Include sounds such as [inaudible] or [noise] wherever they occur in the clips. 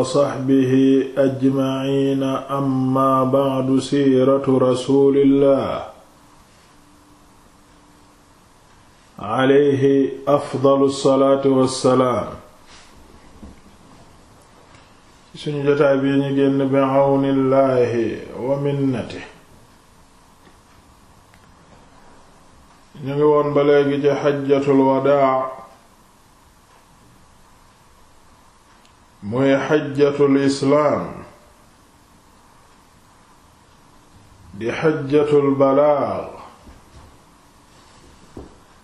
wa saxbihi ajmaciina amma bacdu siiratu rasulillah alayhi afdalu salaatu wassalaam suñu jotaay bi ñu génn bi awnillahi wa minnatihi ñu ngi woon ba léegi ci xajjatul wadaa muy xajjatul islaam di xajjatul balaag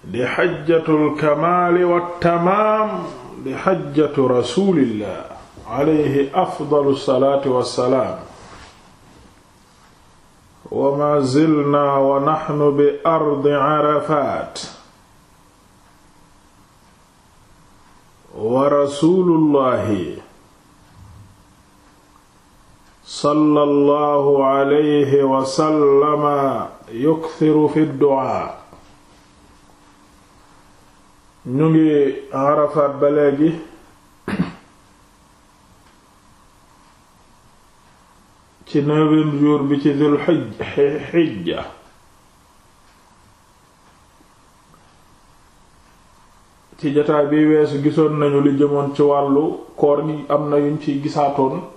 di xajjatul kamaali wattamaam di xajjatu rasuulillah alayhi afdalu salaatu wassalaam wa maa zilnaa wa naxnu bi ardi Arafaat wa rasuulullahi sallallahu alayhi wa sallama yukthiru fi du'a ñu ngi Arafat ba ci neuvième jour bi ci Dul Hijja ci jotaay bi weesu gisoon nañu li jëmoon ci wàllu koor gi am na yuñ ci gisaatoon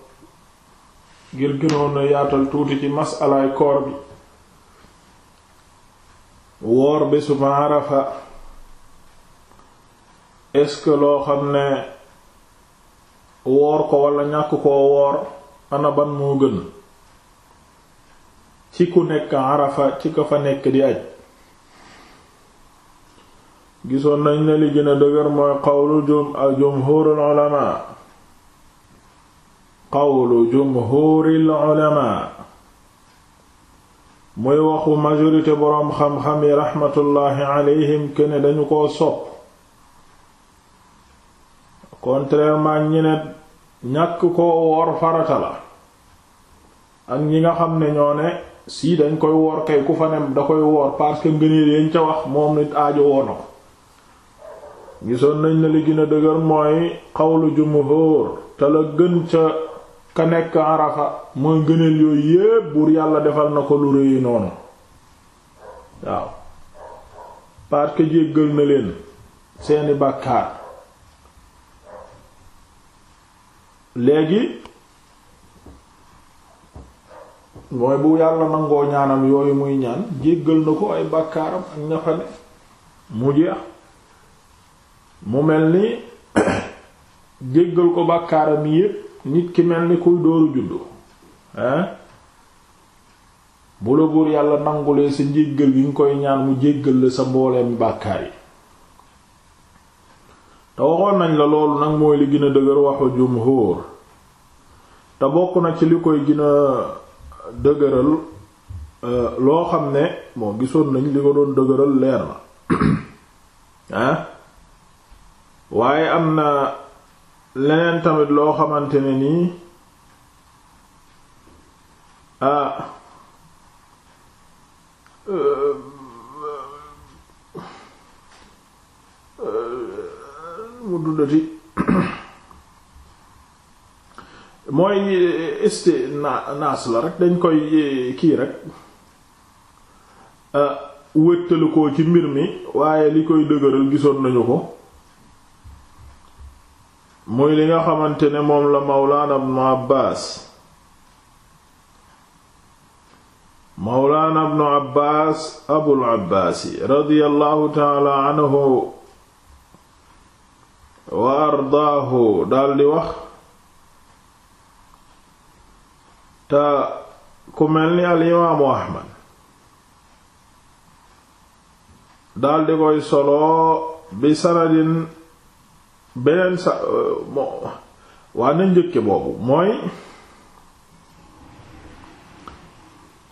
ngir gënoon na yaatal tuuti ci masalaay koor bi woor bésu Arafa est-ce loo xam ne woor ko walla ñàkk koo woor ana ban moo gën ci ku nekk Arafa ci ko fa nekk di aj gisoon nañ ne li gën dëgër mooy qawlu jum al jumhurul ulama qawlu jumhuuril muy waxu majorité boroom xam-xam yi raxmatullaahi alayhim këne dañu ko sopp contrairement ñi ne ñàkk koo woor farata la ak ñi nga xam ne ñoo ne si dañ koy woor kay ku fa ne da koy woor parce que ngëneel yañ ca wax moom nit aajo woona ko gisoon nañ li gën dëgër mooy qawlu jumhuur te la gën ca ka nekk Arafa mooy ngëneel yooyu yépp buur yàlla defal na ko lu rëy noonu waaw parce jéggal na leen seeni bàkkaar léegi mooy bu yàlla nangoo ñaanam yooyu muy ñaan jéggal na ko ay bàkkaaram ak ñafane mu jeex mu mel ni [coughs] jéggal ko bàkkaaram yépp nit ki mel ni kuy dóoru juddu hein bu la buur yàlla nangulee sa njéggal gi nga koy ñaan mu jéggal la sa mbooleem bàkkaay yi te waxoon nañ la loolu nag mooy li gën a dëgër waxu jumhur te bokk na ci li koy gën a dëgëral euh, loo xam ne moo gisoon nañ li ko doon dëgëral leer na [coughs] hein waaye am na leneen tamit loo xamante ne nii ah mu duddati mooy isti naas la rek dañ koy kii rek wëttalikoo ci mbir mi waaye li koy dëgëral gisoon nañu ko muy li nga xamante ne moom la mawlaana ibnu abbaas mawlaana ibnu abbaas abul abbaasi radiyallahu taala anhu wa ardaahu daldi wax te ku mel ni al imaamu ahmad daldi koy solo bi sanadin beneen sa bon euh, waa na njëkke boobu mooy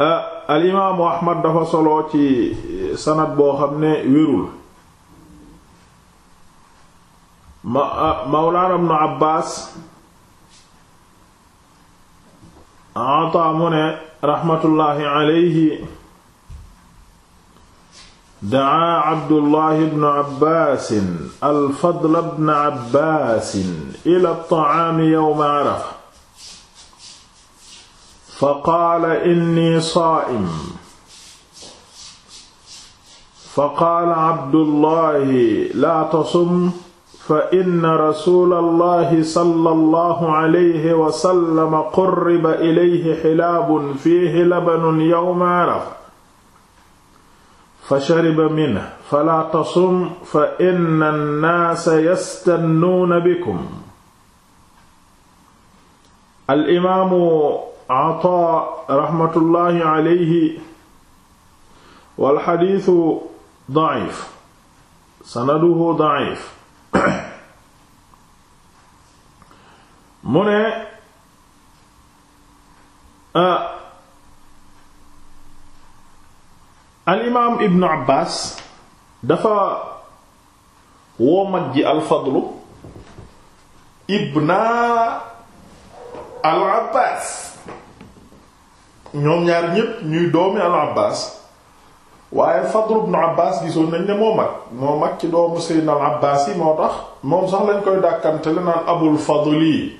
euh, al ahmad dafa solo ci euh, sanad boo xam ne wérul mawlaana ibnu abbaas ata mu ne raxmatullaahi alayhi daa abdullah ibn abbaasin alfadl ibn abbaasin ila taami yowma arafa fa qaala inni saaim fa qaala abdullahi laa tasum fa inna rasuulallahi sallallahu alayhi wa sallam qurriba ilayhi xilaabun fiihi labanun yowma arafa fa shariba minhu falaa tasum fa inna nnaasa yastannuuna bikum al imaamu Ataa raxmatullaahi alayhi wal xadiisu daciif sanaduhu daciif mu ne al imaam ibnu Abbas dafa woo mag ji al Fadlu ibna al Abbas ñoom ñaar ñépp ñuy doomi al Abbas waaye Fadlu ibnu Abbas gisoon nañ ne moo mag moo mag ci doomu Seydina al Abbas yi moo tax moom sax koy dàkkante la Abul Fadli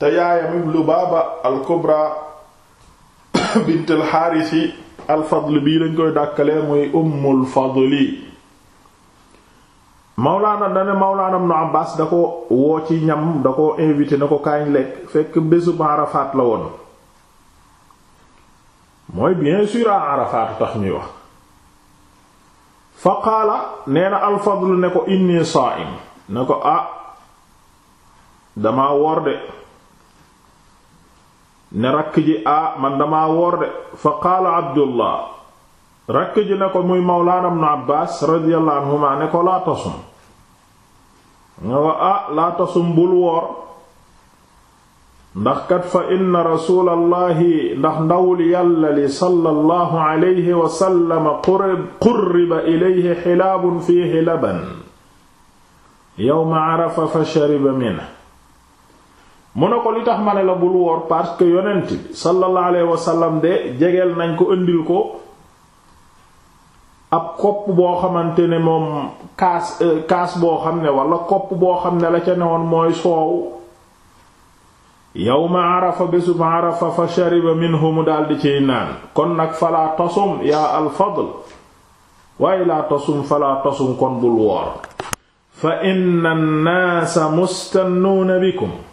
te yaayam Lubaaba al Kubra [coughs] bint al Haarisi alfadl bii lañ koy dàkkalee muy ummul fadli mawlaana dane mawlaana ibnu Abbaas da ko woo ci ñam da ko invité na ko kaañ lekk fekk bésu Arafat la woon mooy bien sûr a Arafat tax ñuy wax fa qaala nee na alfadl ne ko inni saa'im ne ko ah dama woor de ne rakk ji a man damaa woor de abdullah rakk ji ne ko muy mawlaana ibnu abbaas radiyallahu anhuma ne ko laa tasum nga wa ah laa tasum bul woor kat fa inna rasuulallahi ndax ndawul yàlla li sallallahu alayhi wa sallam qurriba ilayhi laban yawma arafa fa shariba minhu mu ne ko li tax ma ne la bul woor parce que yonent bi sallallahu alayhi wasallam de jegeel nañ ko indil ko ab kopp boo xamante ne moom kaas euh, kaas boo xam ne wala kopp boo xam ne la ca newoon mooy soow yawma arafa bésub arafa fa shariba minhu mu daldi ciy naan kon nag falaa tasum yaa alfadl waaye laa tasum falaa tasum kon bul woor fa inna an-naasa mustannuuna bikum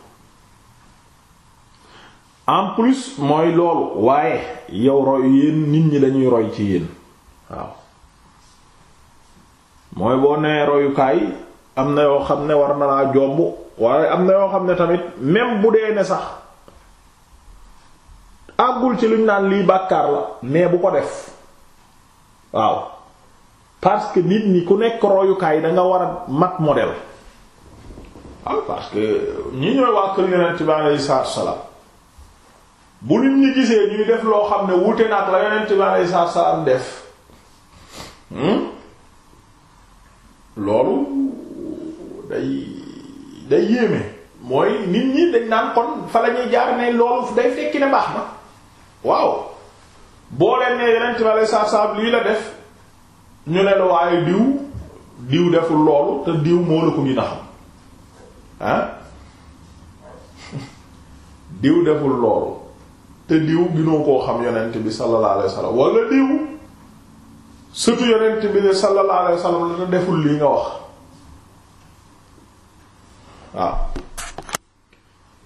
en plus mooy loolu waaye yow roy yéen nit ñi dañuy roy ci yéen waaw mooy boo nee royukaay am na yoo xam ne war na laa jomb waaye am na yoo xam ne tamit même bu dee ne sax àggul ci luñ naan lii bàkkaar la mais bu ko def waaw parce que nit ñi ku nekk royukaay da nga war a mat model waaw parce que ñi ñooy waa kër Yonent bi alayhi salaatu wa salaam bu nit ñi gisee ñuy def loo xam ne wuute nag la yonent bi alayhi salaam def hmm? loolu day day yéeme mooy nit ñi dañ naan kon fa la jaar ne loolu day fekki ne baax na waaw boo leen ne yonent bi alayhi salaam lii la def ñu ne la waaye diw diw deful loolu te diw moo la ko gën a xam ah [laughs] diw deful loolu te diw ginoo koo xam yonent bi sallallahu alayhi wasallam wala diw surtout yonent bi ne sallallahu alayhi la deful lii nga wax waaw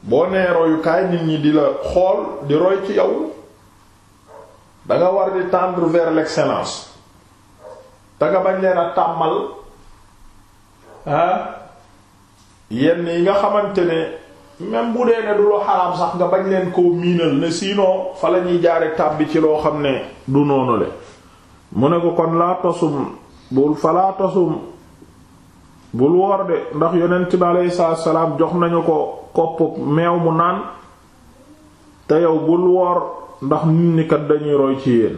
boo nee royukaay nit ñi di la xool di roy ci yow danga war di tendre vers l'excellence te nga bañ leen a tàmmal ah yenn yi nga xamante ne même bu dee ne du lu xaraam sax nga bañ leen koo miinal ne sinon fa la ñuy jaare tàbbi ci loo xam ne du noonu le mu ne ko kon laa tosum bul fa laa tosum bul woor de ndax yonent bi aleyhi salaatu salaam jox nañu ko kopp meew mu naan te yow bul woor ndax nit ñi kat dañuy roy ci yéen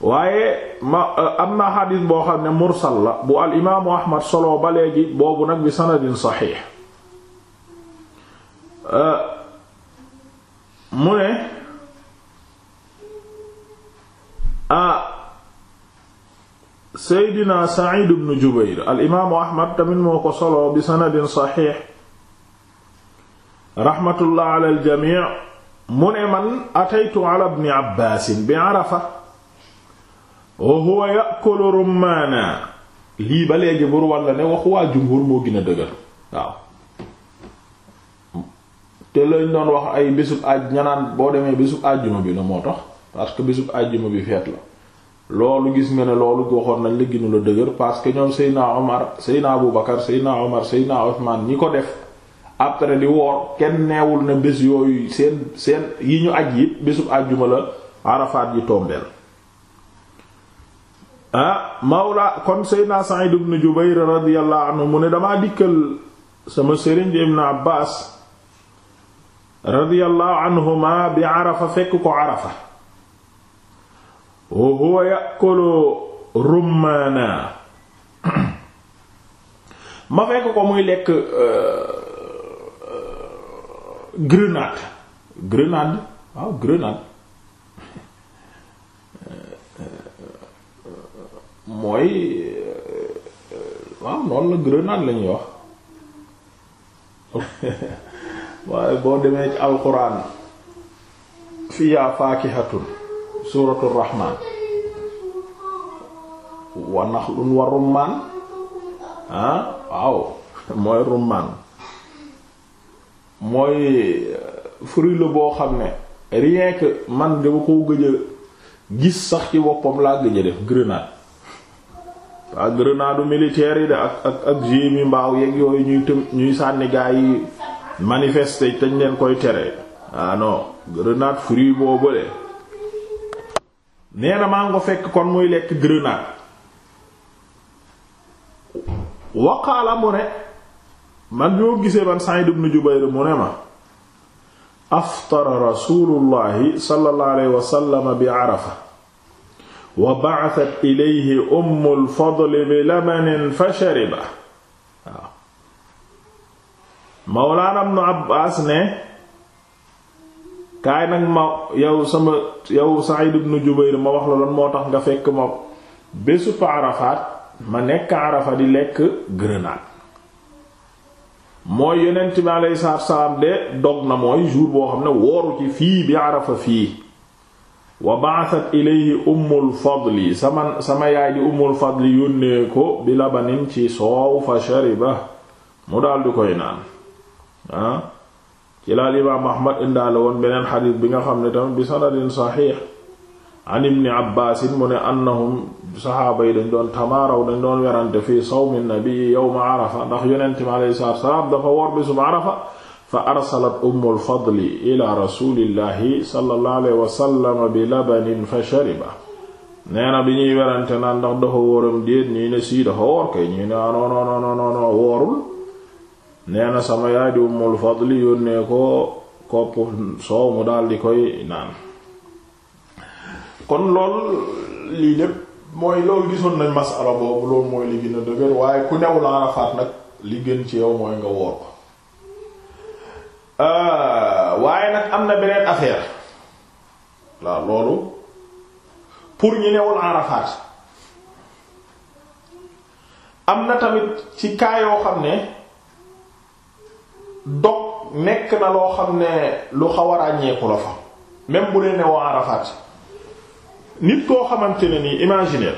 waaye euh, am na xadiis boo xam ne mursal la bu al imaamu ahmad solo ba léegi boobu nag bi sanadin saxiix Euh, mu ne a ah, seydina Sa'id ibn Jubayr al imaamu Ahmad tamit moo ko solo bi sanadin saxiix raxmatullah ala al jamii mu ne man ataytu ala ibn Abbaas bi Arafa wa huwa ya'kulu rummaana lii ba léegi bur walla ne wax waa jumhur moo gën a dëgër waaw te lañ doon wax ay bésub àjj ña boo demee bésub àjjuma bi la moo tax parce que bésub àjjuma bi feet la loolu gis nga loolu goxoon nañ la ginu la dëgër parce que ñoom Seydina Omar Seydina Aboubacar Seydina Omar Seydina Othman ñi ko def après di woor kenn neewul na bés yooyu seen seen yi ñu aj yi bésub àjjuma la Arafat yi tombeel ah kon Seydina Sa'id ibn Jubayr radiyallahu anhu mu ne damaa dikkal sama sëriñ Ibn Abbas radiyallahu anhuma bi arafa fekk ko arafa wa huwa yakulu rummaana ma fekk ko muy lekk euh, euh, grenade grenade waaw grenade mooy euh, waaw noonu la grenade lañuy wax waaye boo demee ci alquran fiyaa faakihatun suratu rahman wa naxlun wa rummaan ah waaw mooy rummaan mooy eh, fruit la boo xam ne rien que man dama koo gëj gis sax ci boppam laa gëj a def grenade waa grenade militaire yi de ak ak ak mbaaw yeeg yooyu ñuy tëm ñuy sànni gaa yi manifester tañ leen koy tere ah non grenade fruit boobu de nee na fekk kon muy lekk grenade waqaala mu ne man ñoo gisee man Sa'id ibn Jubayr mu ne ma aftara rasulullahi sallallahu alayhi bi Arafa wa ba'athat ilayhi Ummul Fadl bi labanin fa shariba Mawlaana Ibnu Abbaas ne kaay nag ma yow sama yow Sa'iid ibnu Jubayr ma wax la lan moo tax nga fekk ma bésu Arafat ma nekk Arafa di lekk grenade mooy yonent bi alayhi salaatu salaam de dog na mooy jour boo xam ne wooru ci fii bi Arafa fii wa ba'athat ilayhi ummul fadli sama sama yaay di ummul fadli yónnee ko bi labanin ci soow fa shariba mu daldi koy naan ah ci laal imaam ahmad indaale woon beneen xadiis bi nga xam ne tamit bi sanadin saxiix an ibni abbaasin mu ne annahum saxaaba yi dañ doon tamaaraw dañ doon werante fii sawmi nabii yowma arafa ndax yonente mi alayhi salaatu salaam dafa wor bisum arafa fa arsalat ummul fadli ila rasulillahi sallallahu alayhi bi labanin fa shariba nee na bi ñuy werante naan ndax dafa wóoram déet ñii ne sii dafa kay ñii ne ah, non non non non nee na sama yaay di Ummul Fadli yónnee ko kopp soow mu daal di koy naan kon lool lii lépp mooy loolu gisoon nañ masala boobu loolu mooy li gën dëgër waaye ku newul Arafaat nag li gën ci yow mooy nga woor ko euh, waaye nag am na beneen affaire waaw loolu pour ñu newul Arafaat am na tamit ci kaa yoo xam ne dog nekk na loo xam ne lu xaw a ràññeeku la fa même bu dee ne waa Arafat nit koo xamante ne nii imaginer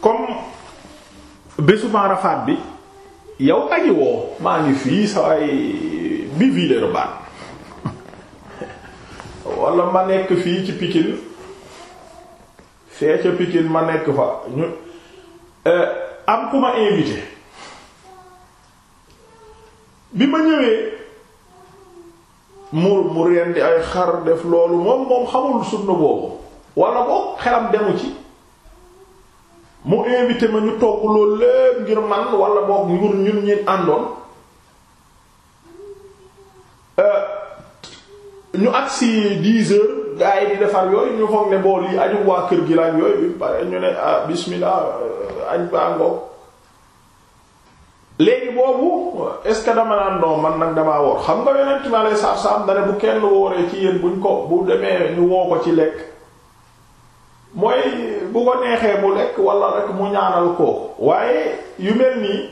comme bésu Arafat bi yow aji maa ngi fii sa ay bi Villeurbanne [laughs] wala ma nekk fii ci Pikine fee ca Pikine ma nekk fa ñu. Eh, am ku ma invité bi ma ñëwee mu mu rendi ay xar def loolu moom moom xamul sunna boobu wala ko xelam demu ci mu invité ma ñu togg loolu lépp ngir man wala boog ñun ñun ñun àndoon euh, ñu agsi dix gaa yi di defar yooyu ñu xoog ne bool yi aju waa kër gi laaj yooyu bi pare ñu ne ah bismillah añ baa ngoog léegi boobu est ce que dama naan non man nag damaa woor xam nga yeneen mi alei saatu salaam bu kenn wooree ci yéen ñu ko bu demee ñu woo ko ci lekk mooy bu ko neexee mu lekk walla rek mu ñaanal ko waaye yu mel nii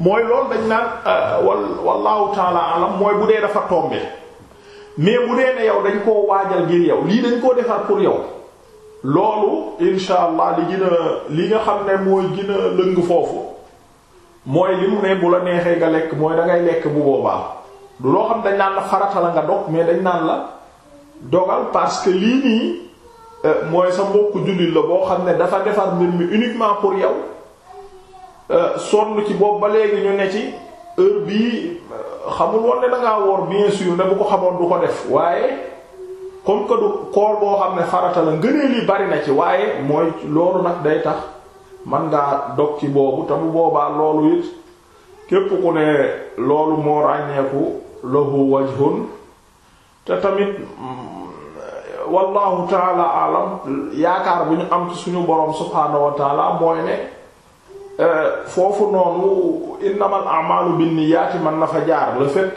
mooy loolu dañ naan ah, wal wallahu taala mooy bu dee dafa tombé mais bu dee ne yow dañ koo waajal ngir yow lii dañ koo defar pour yow loolu insha allah li gën a li nga xam ne mooy gën a lëng foofu mooy li mu ne bu la neexee nga lekk mooy da ngay lekk bu boobaa du loo xam dañ naan la farata la nga dog mais dañ naan la dogal parce que lii nii euh, mooy sa bokk jullit la boo xam ne dafa defar mbir mi uniquement pour yow euh, sonn ci boobu ba léegi ñu ne ci heure bii xamul woon ne dangaa woor bien sûr ne bu ko xamoon du ko def waaye comme que du koor boo xam ne farata la ngëneel yi bari na ci waaye mooy loolu nag day tax man ngaa dog ci boobu te mu boobaa loolu it képp ku ne loolu moo ràññeeku lahu wajhun te tamit wallahu taala alam yaakaar bu ñu am ci suñu borom subhaanahu wa mooy ne foofu noonu innamal a'malu binniyaati man na fa jaar le fait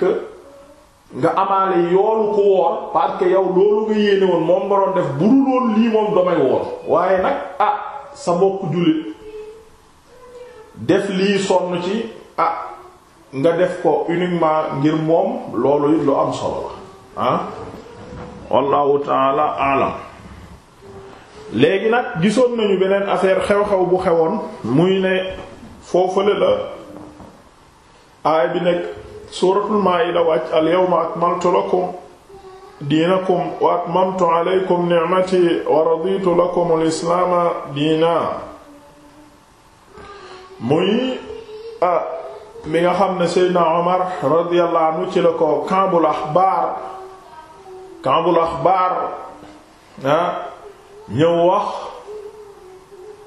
nga amaale yoolu ko woor parce que yow loolu nga yéene woon moom nga doon def bu dul woon lii moom damay woor waaye nag ah sa bokk jullit def lii sonn ci ah nga def ko uniquement ngir moom loolu it lu am solo la ah wallahu ta'ala a'lam léegi nag gisoon nañu beneen affaire xew-xew bu xewoon muy ne foofale la aay bi nekk suuratul maa'ida wàcc al yawma akmaltu diinakum wa atmamtu alaykum ni'mati al islaama diina muy ah mi nga xam ne seydna Omar radiyallahu ci la ko kambul axbaar kambul axbaar ah, ñëw wax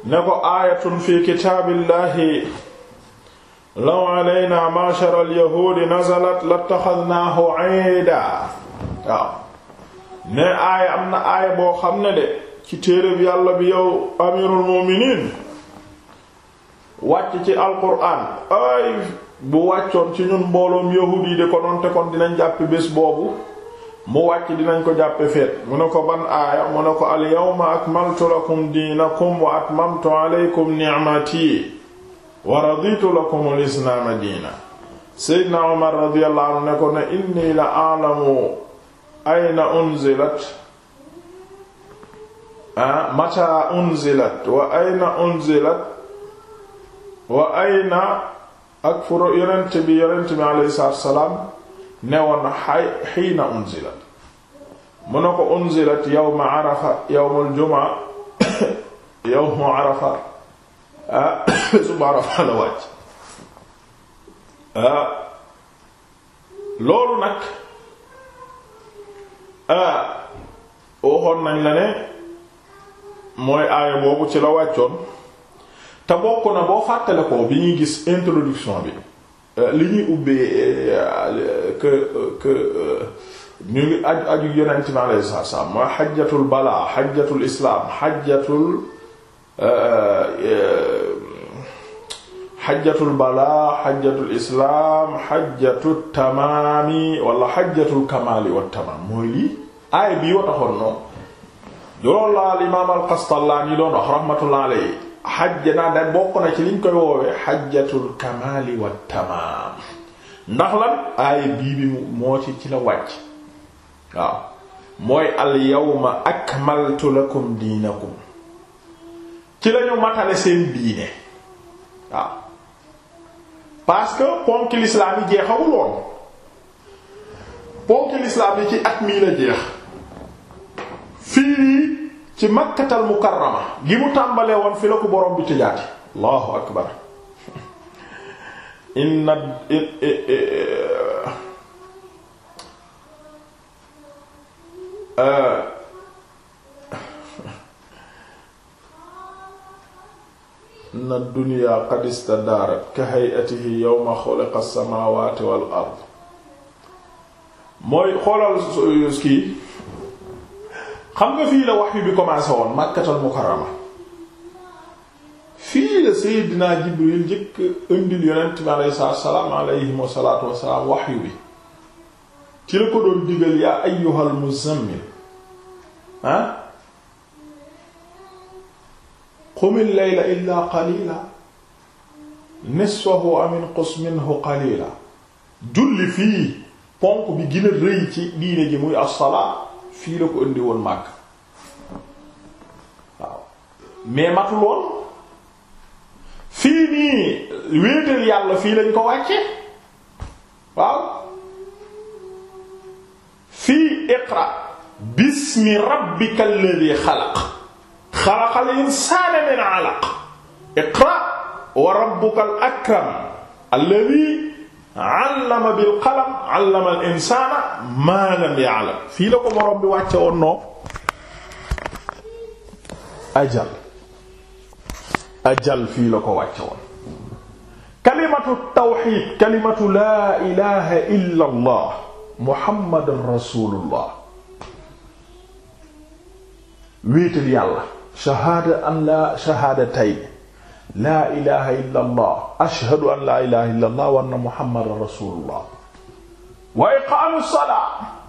ne ko aayatun fi kitaabillahi law alayna ma'shara yahuudi nazalat lattaxadnaahu iida waaw ne aaya am na aaya boo xam ne de ci téereeb yàlla bi yow amirul mu'miniin wàcc ci alquraan ay bu wàccoon ci ñun mbooloom yahuud yi de konoon te kon dinañ jàpp bés boobu mu wàcc dinañ ko jàppe feet mu ne ko ban aaya mu ne ko al yawma akmaltu lakum diinakum wa atmamtu alaykum ni'mati wa raditu lakum al islaama diina seydna umar radiyallahu anhu ne ko ne inni la a'lamu ayna unzilat ah, mata unzilat wa ayna unzilat wa ayna ak furo yonent bi yonent bi alayhi salaam newoon na xay xiina unzilat mu ne ko unzilat yawma arafa yawmul jumaa [coughs] yawmu arafa ah, [coughs] suba arafa la wàcc ah, loolu nag ah waxoon nañ la ne mooy aaya boobu ci la wàccoon te bokk na boo fàttale ko bi ñuy gis introduction bi eh, li ñuy ubbee eh, que euh, que euh, ñu ngi aju aju yonent mi alayhi salaatu mooy xajjatul balaa xajjatul islaam xajjatul euh, xajjatul balaa xajjatul islaam xajjatul tamaami wala xajjatul kamaali wa mooy lii aay bii wa taxoon noonu loolu la al imaam al Qastallaani doon wax rahmatullah alayhi xajja naa da bokk na ci liñ koy woowee xajjatul kamaali ndax lan aaya bii bi moo ci ci la wàcc waaw mooy al yawma akmaltu lakum diinakum ci lañu matale seen diine waaw parce que lislaam yi jeexawul woon lislaam yi ci at mii la jeex fii ci makkatal mukarrama gi mu tàmbalee woon fi la ko borom bi tëjaati allahu akbar inna e, e, inna dunya qad istadaarat ka hay'atihi yawma xuliqa as-samaawaati wal ard mooy xoolal kii xam nga fii la wax yu bi commencé woon Makkatal Mukarrama fii la Seydina Jibril njëkk indil yonent bi aleyhi salaatu wasalaam aleyhim wasalaatu wasalaam waxyu bi ci la ko doon digal yaa ayyuhal muzammil ah qumil layla illaa qalila nisfahu aw inqus minhu qalila julli fii ponk bi gën rëy ci diine ji muy as fii la ko indi woon màgg waaw mais fii nii wéetal yàlla fii lañ ko wàcce waaw fii iqra bismi rabbika alladhi xalaq xalaqal insaana min alaq iqra wa rabbuka al akram alladhi allama bil qalam allama al insaana maa lam ya'lam fii la ko borom bi wàcce woon noo ajal ajal fii la ko wàcce woon kalimatu tawxid kalimatu laa ilaha illa allah muhammadan rasulullah wéetal yàlla shahaada an la shahaadatay laa ilaha illa allah ashhadu an laa ilaha illa allah wa anna muhammadan rasulullah wa iqaamu salaa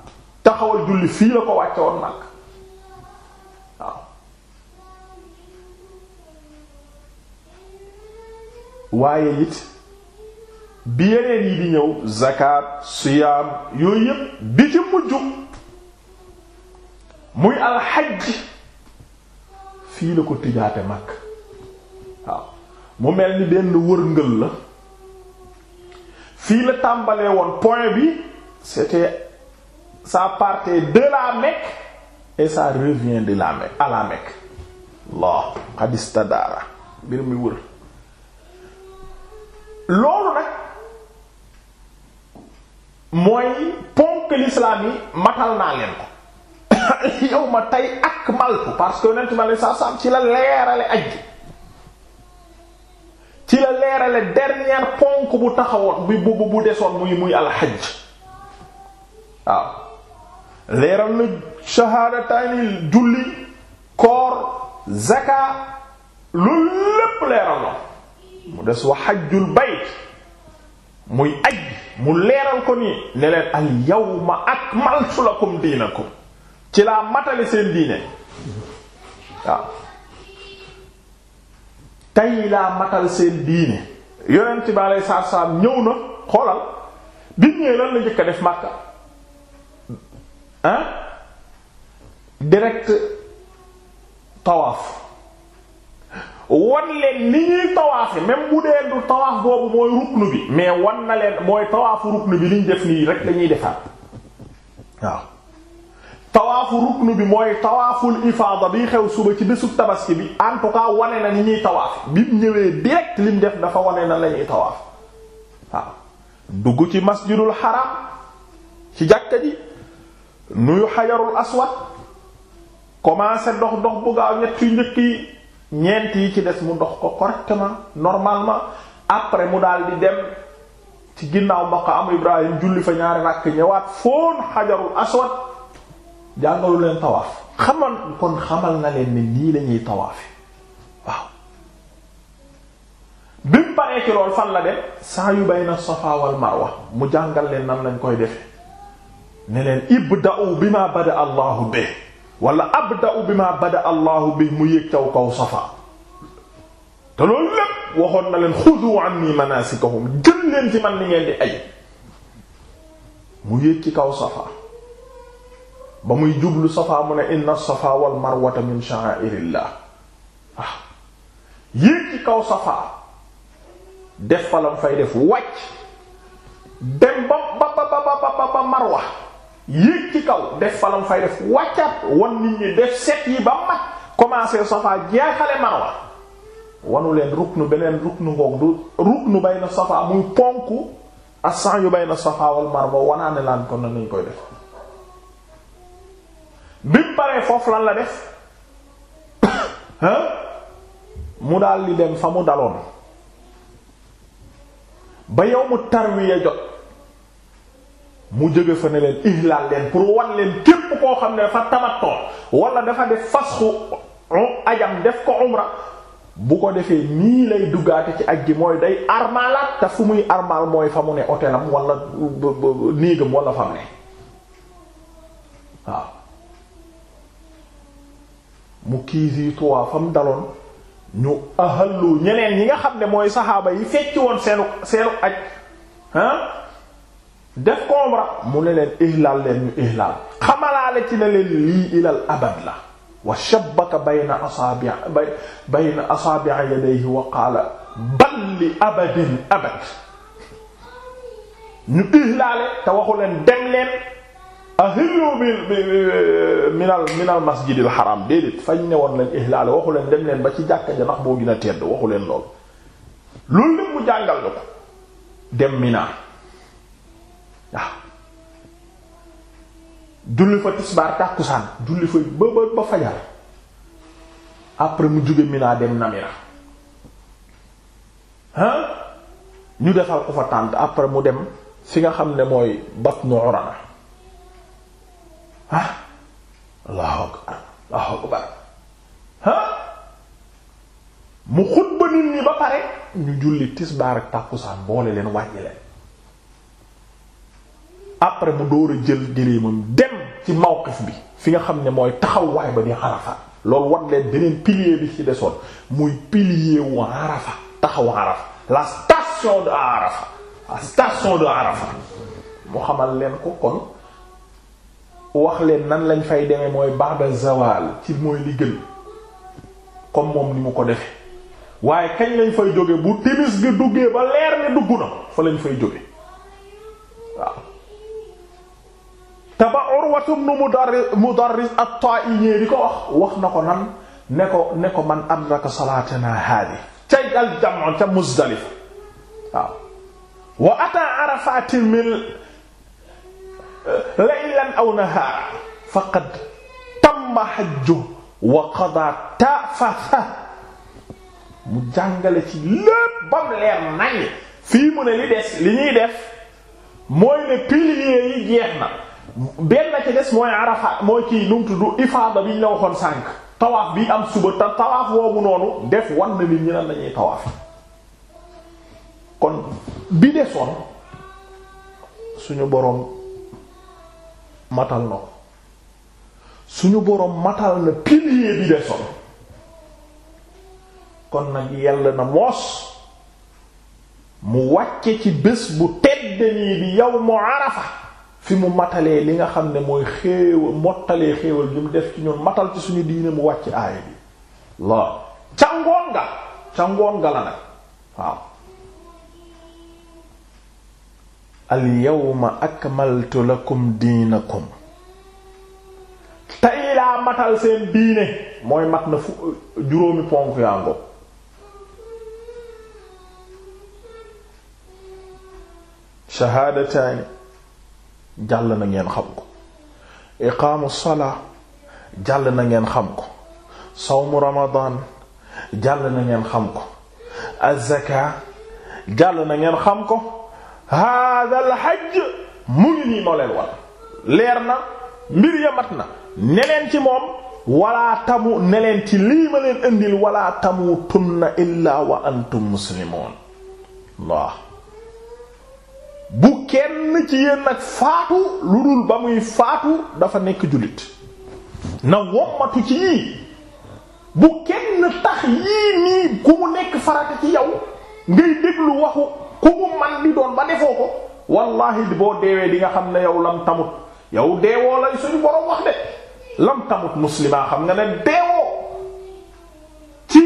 taxawal julli fii la ko wàcce woon nag waaye it bi yeneen yi di ñëw zakat siyaam yooyu yépp bi ci mujj muy alxaj fii la ko tëjaate mag waaw mu mel ni benn ngël la fii la tàmbalee woon point bi c'était ça partait de la Mecque et ça revient de la Mecque la xadista daara mbir mi wër loolu nag mooy ponk l'islam yi matal naa leen ko [coughs] yow ma tey ak maltu parce que yonent ma lay saam ci la leerale ajj ci la leerale dernière ponk bu taxawoon bi bu bu desoon muy muy alxaj waaw leeral na shahaadataani julli koor zaka lu lépp leeral na mu des wa xajjul bayt muy aj mu leeral ko nii ne leen al yawma akmaltu lakum diinakum ci laa matale seen diine waaw tey laa matal seen diine yonent bi aleyhi salaatu ñëw na xoolal bi lan la njëkk def Makka ah direct tawaaf wan leen ni ñuy tawaafe même bu dee du tawaaf boobu mooy ruknu bi mais wan na leen mooy tawaafu ruknu bi liñ def nii rek dañuy defaat waaw tawaafu ruknu bi mooy tawaaful ifaada bi xew suba ci bésu tabaski bi en wone na ni ñuy tawaaf bi mu ñëwee li mu def dafa wone na la ñuy tawaaf waaw dugg ci masjidul haram ci jàkka ji nuyu xajarul aswad commencé dox dox bu gaaw ñett njëkk ñeent yi ci des mu dox ko correctement normalment après mu daal di dem ci ginnaaw maqaamu Ibrahim julli fa ñaari rakk ñëwaat foon xajarul aswad jàngalu leen tawaaf xamal kon xamal na leen ne nii la ñuy waaw bi mu paree ci lool fan la dem saa yu bayna safa wal marwa mu jàngal leen nan lañ koy defe ne leen ibda'u bima bada allahu be wala abda'u bima bada allahu bi mu yéeg caw kaw safa te loolu lépp waxoon na leen xudu anni manasikakum jël leen ci man ni ngeen di ay mu yéeg ci kaw safa ba muy jublu safa mu ne inna safa wal marwata min sha'airillah ah yéeg ci kaw safa def falam fay def wàcc dem ba ba ba ba ba marwa yéeg ci kaw def falam fay def wàccaat wan nit ñi def set yi ba mat commencé safa jeexale marwa wanu leen ruknu beneen ruknu ngoog du ruknu bayna safa muy ponku as-sa'yu bayna safa wal marwa wanaane laan kon nañ koy def bi paree foofu lan la def [coughs] hein mu daal di dem fa mu daloon ba yawmu tarwiya jot mu jóge fa ne leen ihlaal leen pour wan leen képp koo xam ne dafa tamatoo wala dafa def fasxu ajam def ko umra bu ko defee nii lay duggaate ci aj gi mooy day armaalaat te fu muy armaal mooy fa mu ne otelam wala néegam wala fa mu ne waaw mu kiisi tuwaa fa mu daloon ñu ahallu ñeneen ñi nga xam ne mooy saxaaba yi fecc woon seenu seenu aj ah def ko mu ne leen ihlal leen ñu ihlal xamalaale ci ne leen lii ilal abad la wa shabbaka bayna asaabi bayna asaabi yadayhi wa qaala bal li abadin abad ñu ihlaale te waxu leen dem leen ahillu minal minal masjidil haram déedéet fañ ne woon leen ihlaale waxu leen dem leen ba ci jàkka ja ndax boo gën a tedd waxu leen loolu loolu lépp mu jàngal la ko dem Mina waaw julli fa tisbaar tàkkusaan julli fa ba ba fajar après mu jóge Mina dem Namira ah ñu defal ko fa tànt après mu dem fi nga xam ne mooy Batnu Urana ah Allahu akbar Allahu akbar ah mu xutba nit ñi ba pare ñu julli tisbaar ak tàkkusaan boole leen wàññi après mu door a jël gëléemam dem ci mawqif bi fi nga xam ne mooy taxawaay ba di Arafa loolu wan leen beneen pilier bi ci desoon muy pilier wu Arafa taxaw Arafa la station de Arafa la station de Arafa mu xamal leen ko kon wax leen nan lañ fay demee mooy ba'da zawal ci mooy li gën comme moom ni mu ko defee waaye kañ lañ fay jóge bu timis gi duggee ba leer ne dugg na fa lañ fay jóge te ba Urwatu ibn Mudarris Mudarris at-Ta'i ko wax wax na ko nan ne ko ne ko man adraka salaatana haadi ca al-jam'u ca Muzdalifa waaw wa ata Arafat aw nahaara faqad tamma hajju wa qada tafatha mu jàngale ci lépp bam leer nañ fii mu ne li des li ñuy def mooy ne piliers yi jeex na benn ci des mooy Arafa mooy kii nu mu tudd bi ñu la waxoon sànq tawaaf bi am suba te tawaaf boobu noonu def wan na nit ñi lan lañuy tawaaf kon bi desoon suñu boroom matal na ko suñu boroom matal na pilier bi desoon kon nag yell na moos mu wàcce ci bés bu tedd nii bi yawmu Arafa fi mu matalee li nga xam ne mooy xéewa mottalee xéewal bi def ci ñun matal ci suñu diine mu wàcc aaya bi la ca ngoon nga ca ngoon nga la nag waaw al yawma akmaltu diinakum tey laa matal seen diine mooy mat na fu juróomi ponk yaa ngoom shahaadataani jàll na ngeen xam ko iqaamu salaa jàll na ngeen xam ko sawmu ramadan jàll na ngeen xam ko azaka jàll na ngeen xam ko haadal hajj mu ngi nii moo war leer na mbir ya na ne leen ci moom walaa tamu ne leen ci lii ma leen indil walaa tamuutunna illaa wa antum muslimuun Allah bu kenn ci yéen nag faatu lu dul ba muy faatu dafa nekk jullit na wommatu ci yii bu kenn tax yii nii ku mu nekk farata ci yow ngay déglu waxu ku mu man di doon ba defoo ko wallahi boo deewee di nga xam ne yow lam tamut yow deewoo lay suñu boroom wax de lam muslimaa xam nga ne deewoo ci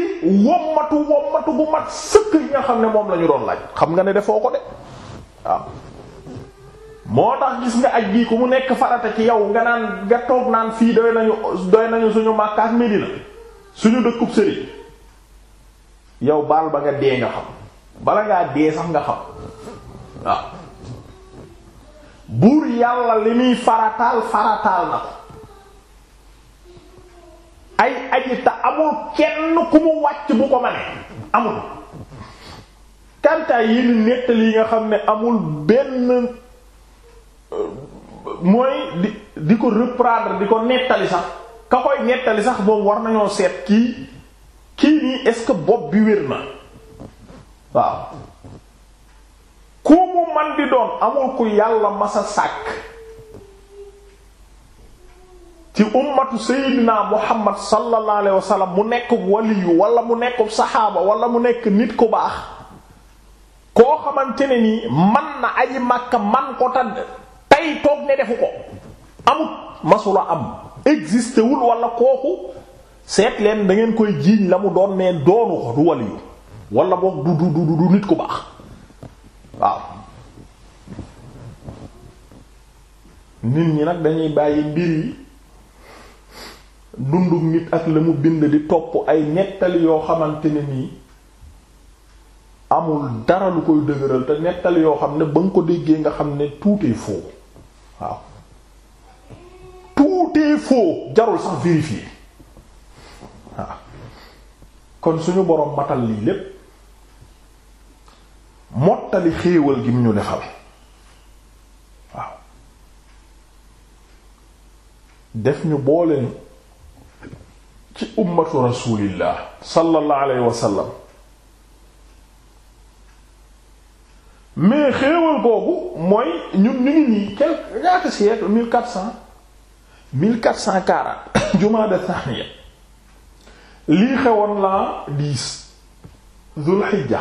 wommatu wommatu bu mat sëkk yi nga xam ne moom lañu doon laaj xam nga ne defoo ko de waaw moo tax gis nga aj gii ku mu nekk farata ci yow nga naan nga toog naan fii doy nañu doy nañu suñu Makka Medina suñu dëkkub sëriñ yow baal ba nga dee nga xam bala ngaa dee sax nga xam waaw buur yàlla li muy farataal farataal na ko ay aji ta amul kenn ku mu wàcc bu ko ma ne amul kantaay yenn nettali yi nga xam ne amul benn euh, mooy di di ko reprendre di ko nettali sax ka koy nettali sax boobu war nañoo seet kii kii nii est-ce que bopp bi wér na waaw ku mu man di doon amul ku yàlla masa sàkk ci ummatu seydinaa muhammad sallallahu alayhi wasallam mu nekk waliyu wala mu nekk saxaaba wala mu nekk nit ku baax koo xamante ne nii man na aji makka man ko tan tey toog ne defu ko amut masula am existé wul kooku seet leen da koy jiiñ la mu doon nee doonu ko du waliyu wala boog du du du nit ku baax waaw nit ñi nag dañuy bàyyi mbir yi dundum nit ak la mu bind di topp ay nettali yoo xamante ne nii amul dara lu koy dëgëral te nettali yoo xam ne ba nga ko déggee nga xam ne tout est faux waaw tout est faux jarul sax vérifier waaw kon suñu boroom matal lii lépp mottali xéewal gi mu ñu defal waaw def ñu boole ci ummatu rasulillah sallallahu alayhi wa sallam mais xéewal boobu mooy ñun ñu ngi nii quelque ñaata siècle mille quatre cent mille quatre cent quarante [coughs] jumaada thaniya lii xewoon la dix zul hijja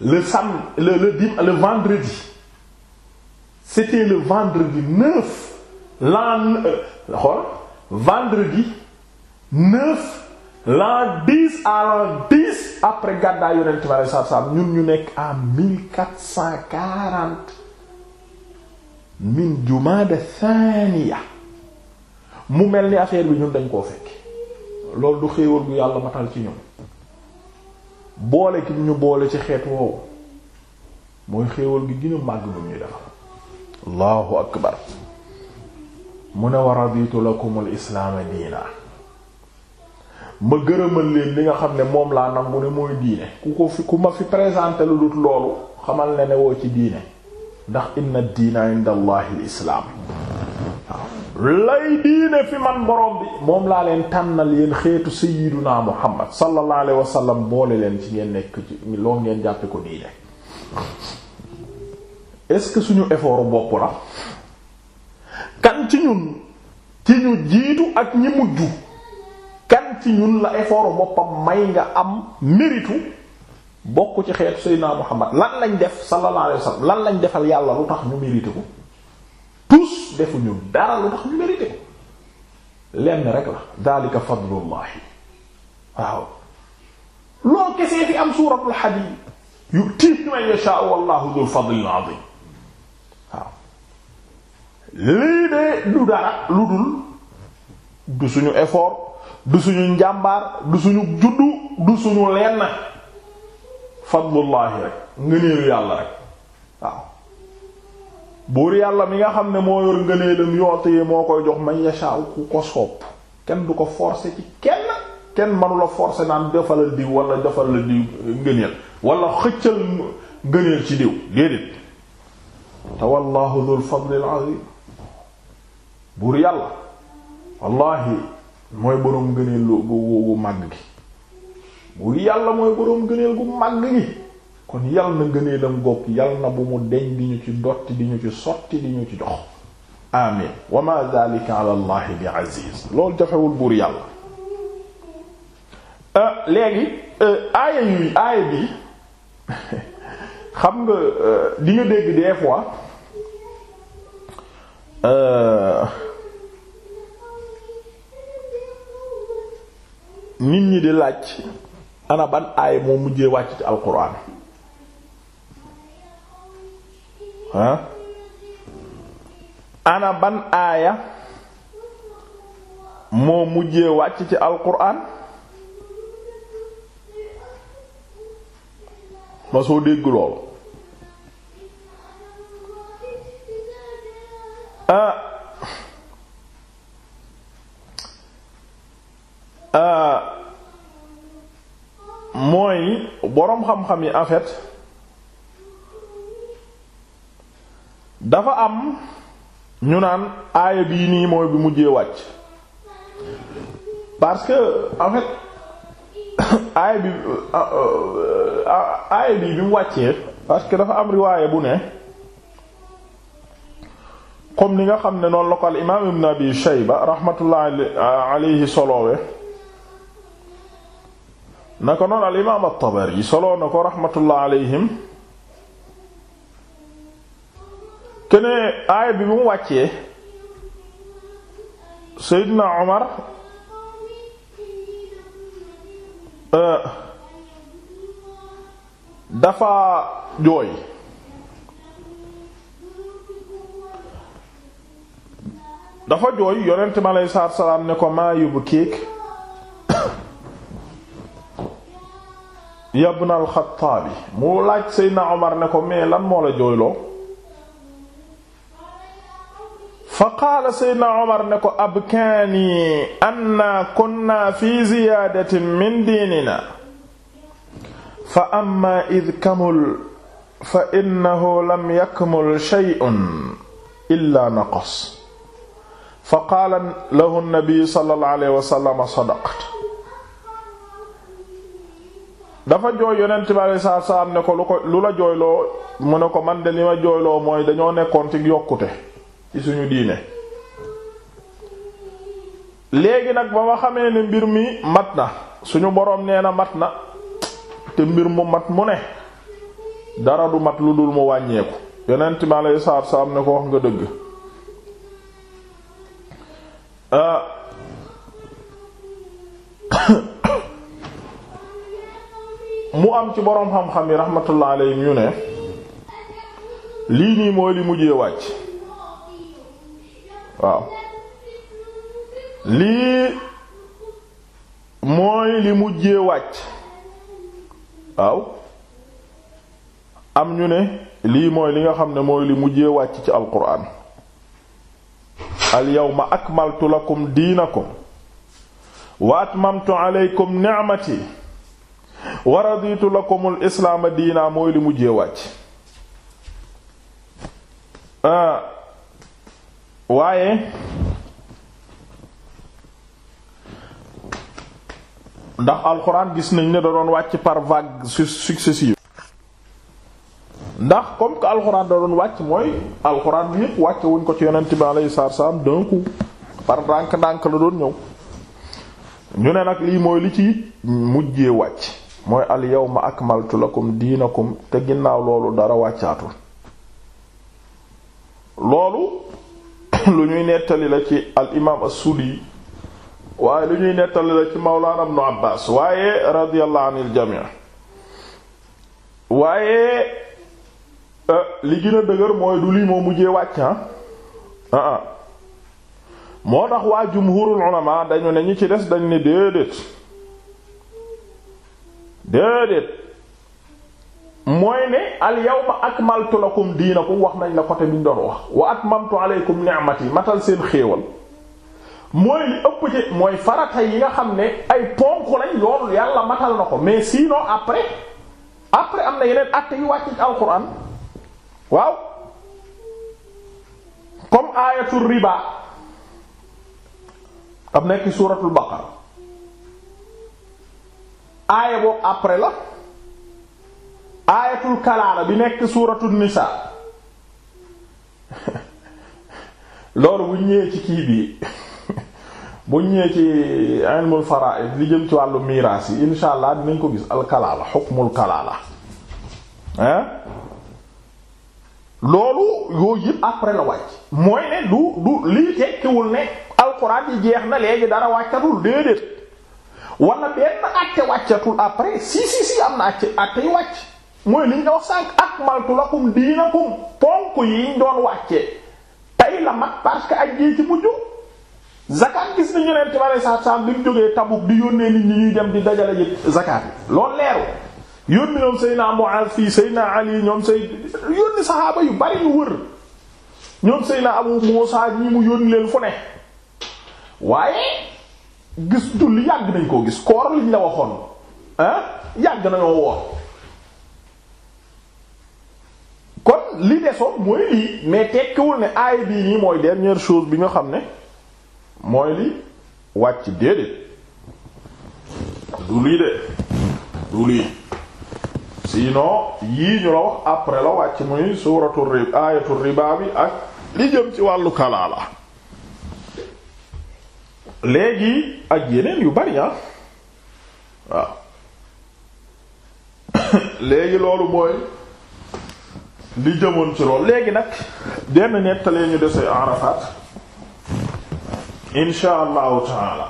le sam le le dim le vendredi c'était le vendredi neuf l'an euh, xool vendredi neuf l'an dix à après gàddaay yonent bi alayhi salaam ñun ñu nekk en mille quatre cent quarante min jumaada thaniya mu mel ni affaire bi ñun dañ koo fekk loolu du xéewal gu yàlla matal ci ñun boole ki ñu boole ci xeet woowu mooy xéewal gi gën a màgg bu ñuy defal allahu akbar mu ne war raditu lakum al islaama diina ma gërëmal leen li nga xam ne moom laa nangu ne mooy diine ku ko fi ku ma fi présenté lu dut loolu xamal ne ne woo ci diine ndax inna diina inda allahi lay diine fi man borom bi moom laa leen tànnal yéen xeetu sayyiduna muhammad sallallahu alayhi wa sallam boole leen ci ngeen nekk ci loo ngeen jàppe ko diine est-ce que suñu effort bopp la kan ci ñun ci ñu jiitu ak ñi mujj kan ci ñun la effort boppam may nga am méritu bokk ci xeetu Seydina Muhammad lan lañ def sallallahu alayhi lan lañ defal yàlla lu tax ñu mérité ko tous defuñu dara lu tax ñu mérité ko lenn rek la dalika fadlullahi waaw loolu kesee fi am suuratul Hadiid yu'tiihi man yashaa'u wallahu dhul fadlil azim waaw lii de du dara lu dul du suñu effort du suñu njàmbaar du suñu juddu du suñu lenn fadlullahi rek ngëneelu yàlla rek waaw buur yàlla mi nga xam ne moo yor ngëneelam yoote yi moo koy jox man yashaaw ku ko sopp kenn du ko forcer ci kenn kenn manula forcer naan defalal diw walla defalal diw ngëneel wala xëccal ngëneel ci diw déedéet te wallahu dhul fadlil azim buur yàlla wallahi mooy boroom gëneel lu gu màgg gi bu yàlla mooy boroom gëneel gu màgg gi kon yal na gëneelam goog yal na bu mu deñ di ñu ci dotti di ñu ci sotti di ñu ci jox amin wa ma dhalika ala bi aziz loolu jafewul buur yàlla euh, léegi euh, aaya yuy aaya bi [laughs] xam nga euh, di dégg des fois nit ñi di laaj ana ban moo mujjee wàcc ci alquran ah ana aaya moo mujjee wàcc ci alquran ma soo dégg loolu ah, Euh, mooy boroom xam-xam yi en fait dafa am ñu naan aaya bii nii mooy bi mujjee wàcc parce que en [coughs] aaya bi euh, euh, aaya bii bi mu wàccee parce que dafa am riwaaye bu ne comme ni nga xam ne noonu lokal ko al shayba rahmatullah alayhi solowee naka noonu al imaam at-Tabari soloo na ko rahmatullah alayhim kene aaya bi bu mu wàccee Seydina Omar euh, dafa jooy dafa jooy yonent mi alayhi salaam ne ko maa yubkiik yabna alxataabi mu laaj seydna omar ne ko mais lan moo la jooyloo fa qaala seydna omar ne ko abkaani anna kunna fi ziyaadatin min diinina fa amma id kamul fa innahu lam yakmul shay'un illa naqas fa qaala lahu nnabi sallallahu alayhi wa sallam sadaqta dafa jooy yonent bi alei salaatu salaam ne ko lu ko lu la jooyloo mu ne ko man de li ma jooyloo mooy dañoo nekkoon ci yokkute ci suñu diine léegi nag ba ma xamee ne mbir mi mat na suñu boroom nee na mat na te mbir mu mat mu ne dara du mat lu dul mu wàññeeku yonent bi alei salaatu salaam ne ko wax nga dëgg euh, mu am ci boroom xam-xam yi rahmatullah alayhim ñu ne lii nii mooy li mujjee wàcc waaw lii mooy li mujjee wàcc waaw am ñu ne lii mooy li nga xam ne mooy li mujjee wàcc ci alquran al yawma akmaltu lakum diinakum wa atmamtu alaykum ni'mati wa raditu lakumul islaama diina mooy li mujjee wàcc ah, waaye ndax alxuraan gis nañ ne da doon wàcc par vague successive ndax comme que alxuraan da doon wàcc mooy alxuraan bi yépp wàcc wuñ ko ci yonent bi alayhi salaatu salaam d'un coup par dànk ndànk la doon ñëw ñu ne nag lii mooy li ci mujjee wàcc mooy al yawma akmaltu lakum diinakum te ginnaaw loolu dara wàccaatu loolu [coughs] lu ñuy nettali la ci al imaam as-Sudi waaye lu ñuy nettali la ci mawlaana ibnu Abbaas waaye radiyallahu anil jamii waaye euh, li gën a dëgër mooy du lii moo mujjee wàcc ah. moo tax waa jumhuurul ulama dañu ne ñi ci des dañ ne déedéet déedéet mooy ne al yawma akmaltu lakum diinakum wax nañ la côté bi ñu doon wax wa atmamtu aleykum ni'mati matal seen xéewal mooy ëpp ci mooy farata yi nga xam ne ay ponk lañ loolu yàlla matal na ko mais sinon après après am na yeneen actes yu wàcc ci alquran waaw comme ayatul riba am nekk suratul baqara aaya boobu après la aayatul kalaala bi nekk suuratul nisaa [laughs] loolu bu ñëwee ci kii bi bu ñëwee ci ilmul faraa'id bi jëm ci wàllu miraas yi insha allah dinañ ko gis al kalaala kalaala hein loolu yooyu yëpp après la wàcc mooy ne du du lii tekkiwul ne alxuraan yi jeex na léegi dara wàccatul déedéet wala benn àtte wàccatul après si si si am na àtte àtte yu wàcc mooy li nga wax sànq akmaltu lakum diinakum ponk yiñ doon wàccee tey la mat parce que ak yi ci mujj zakat gis nañu leen tamare saa saa bi mu jógee Tabuk di yónnee nit ñi ñuy dem di dajale ji zakat yi loolu leeru yónni ñoom Seydina Muaz fii Seydina Ali ñoom sey yónni saxaaba yu bari ñu wër ñoom Seydina Abu Muusa ñi mu yónni leen fu ne waaye gis julli yàgg nañ koo gis koor liñ la waxoon ah yàgg nañoo woor kon li desoon mooy lii mais tekkiwul ne aay bii nii mooy dernière chose bi nga xam ne mooy li wàcc déedéet du lii de du sinon yii ñu la wax après la wàcc muy suuratul aayatul riba bi ak li jëm ci wàllu kalaala léegi ak yeneen yu bari ah waaw [coughs] léegi loolu mooy li jëmoon ci lool léegi nag denn nettalee ñu dese Arafat insha allahu taala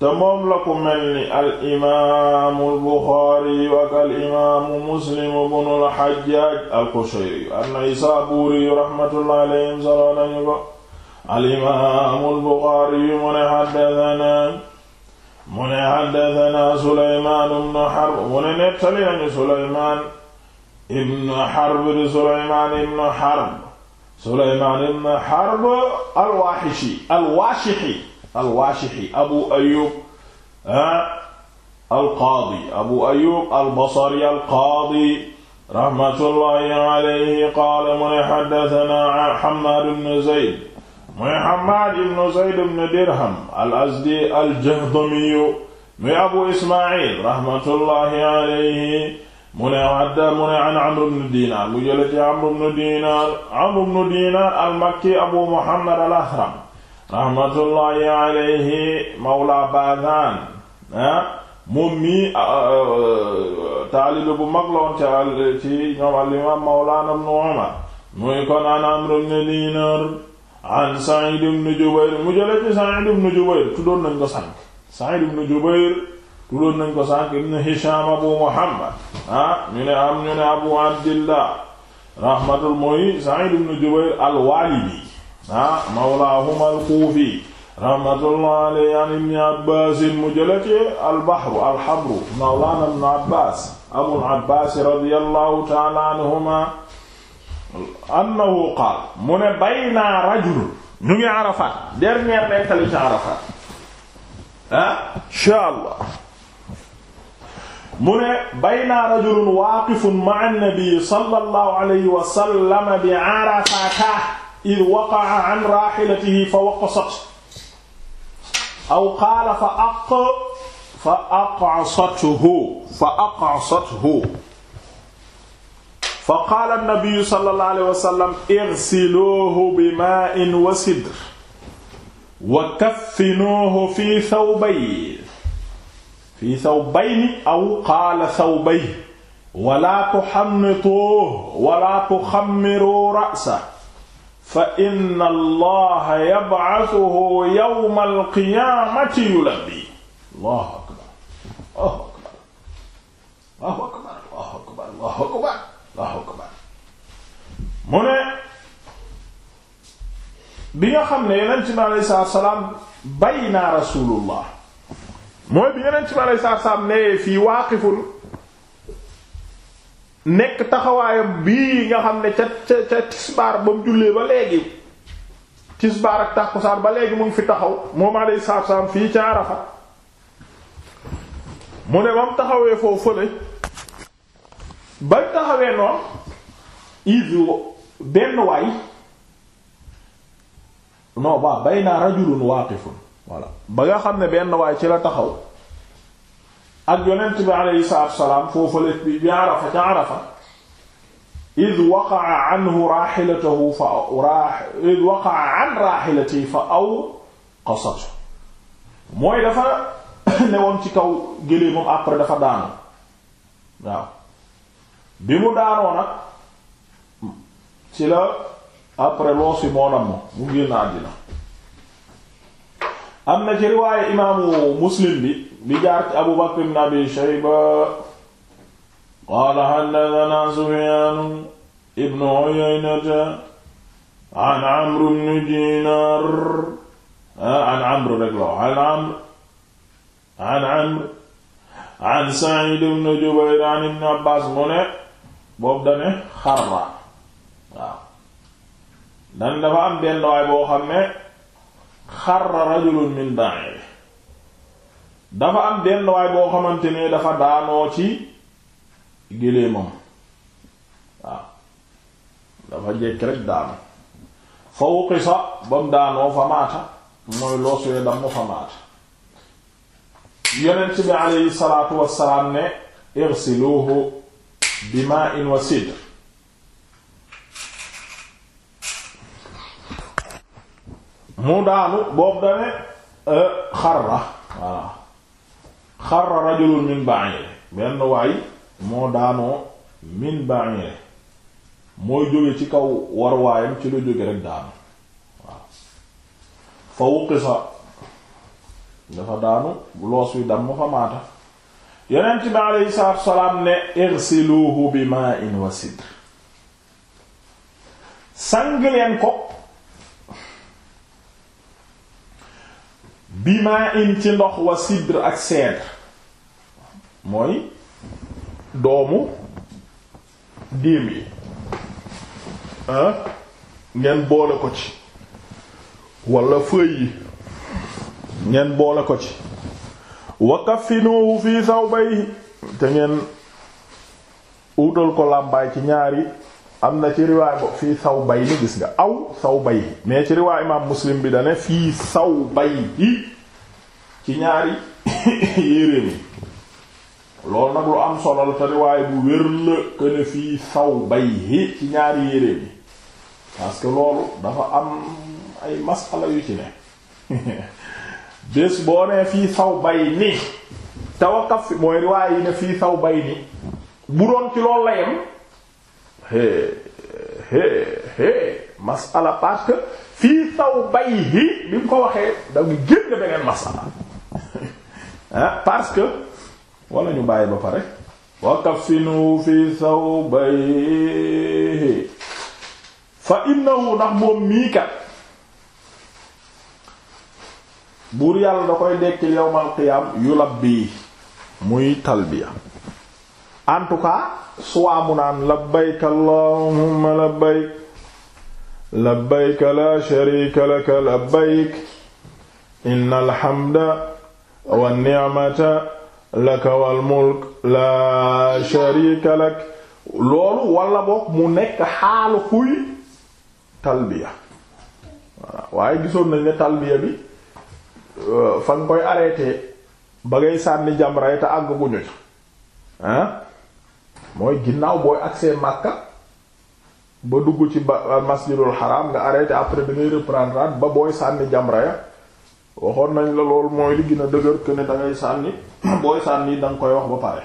te moom la ko mel ni al imaamu al Buxaari wa al imaamu Muslim ibnu al Hajjaaj al Qushayri an Naysaabuuri rahmatullahi alayhim solo nañu ko alimaamu albuxaari yu mu ne xaddatanaa mu ne xaddatanaa suleymaan ibnu xarb mu ne nettali nañu suleymaan ibnu xarb di suleymaan ibnu xarb suleymaan ibnu xarb alwaaxishi alwaashixi alwaashixi abu ayub alqaadi abu ayub albasari alqaadi raxmatullaahi alayhi qaala mu ne xaddatanaa xammaad ibnu zayd muy Hammaad ibn Zayd ibn Dirham al-Azdi al-Jahdami muy Abu Ismaïl rahmatullahi alayhi mu ne adda mu ne an Amr ibn Diinaar mu jële ci Amr ibn Diinaar Amr ibn Diinaar al-Makki Abu Muhammad al-Ahram rahmatullahi alayhi mawla Baazaan ah moom mii taalibe bu mag la woon ca ci ñoom al-Imaam Mawlaana ibn Umar muy kon an Amr ibn Diinaar an Sa'id ibn Jubayr mu jële ci Sa'id ibn Jubayr tuddoon nañ ko sànq Sa'id ibn Jubayr tuddoon nañ ko sànq ibn Hisham Abu Muhammad ah ñu ne am ñu ne Abu Abdillah rahmatul mooy Sa'id ibn Jubayr al-Walidi ah mawlaahuma al-Kufi rahmatullah alayhi an ibn Abbas mu jële ci al-Bahru al-Habru mawlaana ibn Abbas Abul Abbas radiyallahu ta'ala anhuma annahu qaal mu ne bayna rajul ñu ngi Arafat dernière nettali ci Arafat ah insha allah mu ne bayna rajulun waaqifun ma'a an-nabi sallallahu alayhi wa sallam bi Arafata id waqa'a an raahilatihi fa waqasat aw qaala fa aq fa aq'asathu fa aq'asathu fa qaala nabiyu sallallahu alayhi wa sallam igsiluuhu bi maa'in wa sidr wa kaffinuuhu fi thawbayn fi thawbayni aw qaala thawbayni wala tuxannituuhu wala tuxammiruu ra'sahu fa inna allaha yab'athuhu yawma al-qiyaamati yulabbihi allahu akbar allahu akbar allahu akbar allahu akbar allahu akbar Allahu akbar mu ne bi nga xam ne yonent bi alayhi salaatu salaam bay naa rasulullah mooy bi yonent bi alayhi salaatu salaam nee fii waaqiful nekk taxawaayam bii nga xam ne ca ca ca tisbaar ba mu jullee ba léegi tisbaar ak tàkkusaan ba léegi mu ngi fi taxaw moom alayhi salaatu salaam fii ca Arafa mu ne ba mu taxawee foofu fële ba benn waay non ba ba nga xam ne benn waay ci la taxaw ak yonent bi aleyhi salaatu wasalaam foofu la bi arafa ca arafa id waqaa anhu raaxilatahu fa aw qasat mooy dafa [coughs] newoon ci kaw gélee dafa daanu bi mu daanoo ci la après loos yi moo nam mu am na ci riwaaye imaamu muslim bi bi jaar abu bakr ibn abi shayba qaala haddathana sufyaanu ibnu uyaynata an amr ibn dinar an amr rek la an amr an amr an sa'id ibn jubayr an ibn abbas mu ne boobu dane xarra waaw dane dafa am benn boo xam ne xarra rajulun min ba'ir dafa am benn boo xamante ne dafa daanoo ci géléemam waaw dafa jekk rek daanu fa wuqisa ba mu daanoo fa maata mooy loos wee fa maata yonent bi aleyhi salaatu wassalaam ne irsiluhu bimaa in wa sidr mu daanu boobu dane euh, xarra waaw xarra rajulun min ba'ir benn waay moo daanoo min ba'ir mooy jóge ci kaw war waayam ci lu jóge rek daanu waaw fa wuqisa dafa daanu loos wi dam mu fa maata yonent bi aleyhi salaatu salaam ne irsiluhu bi ma'in wa sidr sang leen ko bi ma'in ci ndox wa ak cèdre mooy doomu diim yi ngeen boole ko ci walla feuilles yi ngeen boole ko ci wa kaffinuhu fi sawbayhi te ngeen wutal ko làmbaay ci ñaari am na ci riwaay bo fii sawbayni gis nga aw sawbayhi mais ci riwaay imaam muslim bi dane fii sawbayhi ci ñaari [laughs] yéreem yi loolu nag lu am solo la te riwaay bu wér la que ne fii sawbayhi ci ñaari yéreem yi parce loolu dafa am ay masala yu ci ne [laughs] bés boo nee fii saw bay ni tawakkaf fi mooy riwaay yi ne fii saw bay ni bu doon ci loolu la yem hé hé parce que fii saw bay hi bi mu ko waxee da nga génn beneen masala [laughs] ah parce que wala ñu bàyyi ba pare wakafinu fi saw bay hi fa innahu ndax moom mii kat buur yàlla da koy dekkil yowmal qiyam yulabbi muy talbiya en tout cas suwaa mu naan labbayk allahumma labbayk labbayk la sharika laka labbayk innal hamda wan ni'mata laka lak loolu wala gisoon nañ ne talbiya bi Euh, fa nga koy arrêté ba ngay sànni jamra te àgg guñu ci ah mooy ginnaaw booy agsee Makka ba dugg ci ba euh, masjidul haram nga arrêté après ba ngay reprendre ba booy sànni jamra ya waxoon nañ la loolu mooy li gën a dëgër que ne da sànni [coughs] booy sànni da koy wax ba pare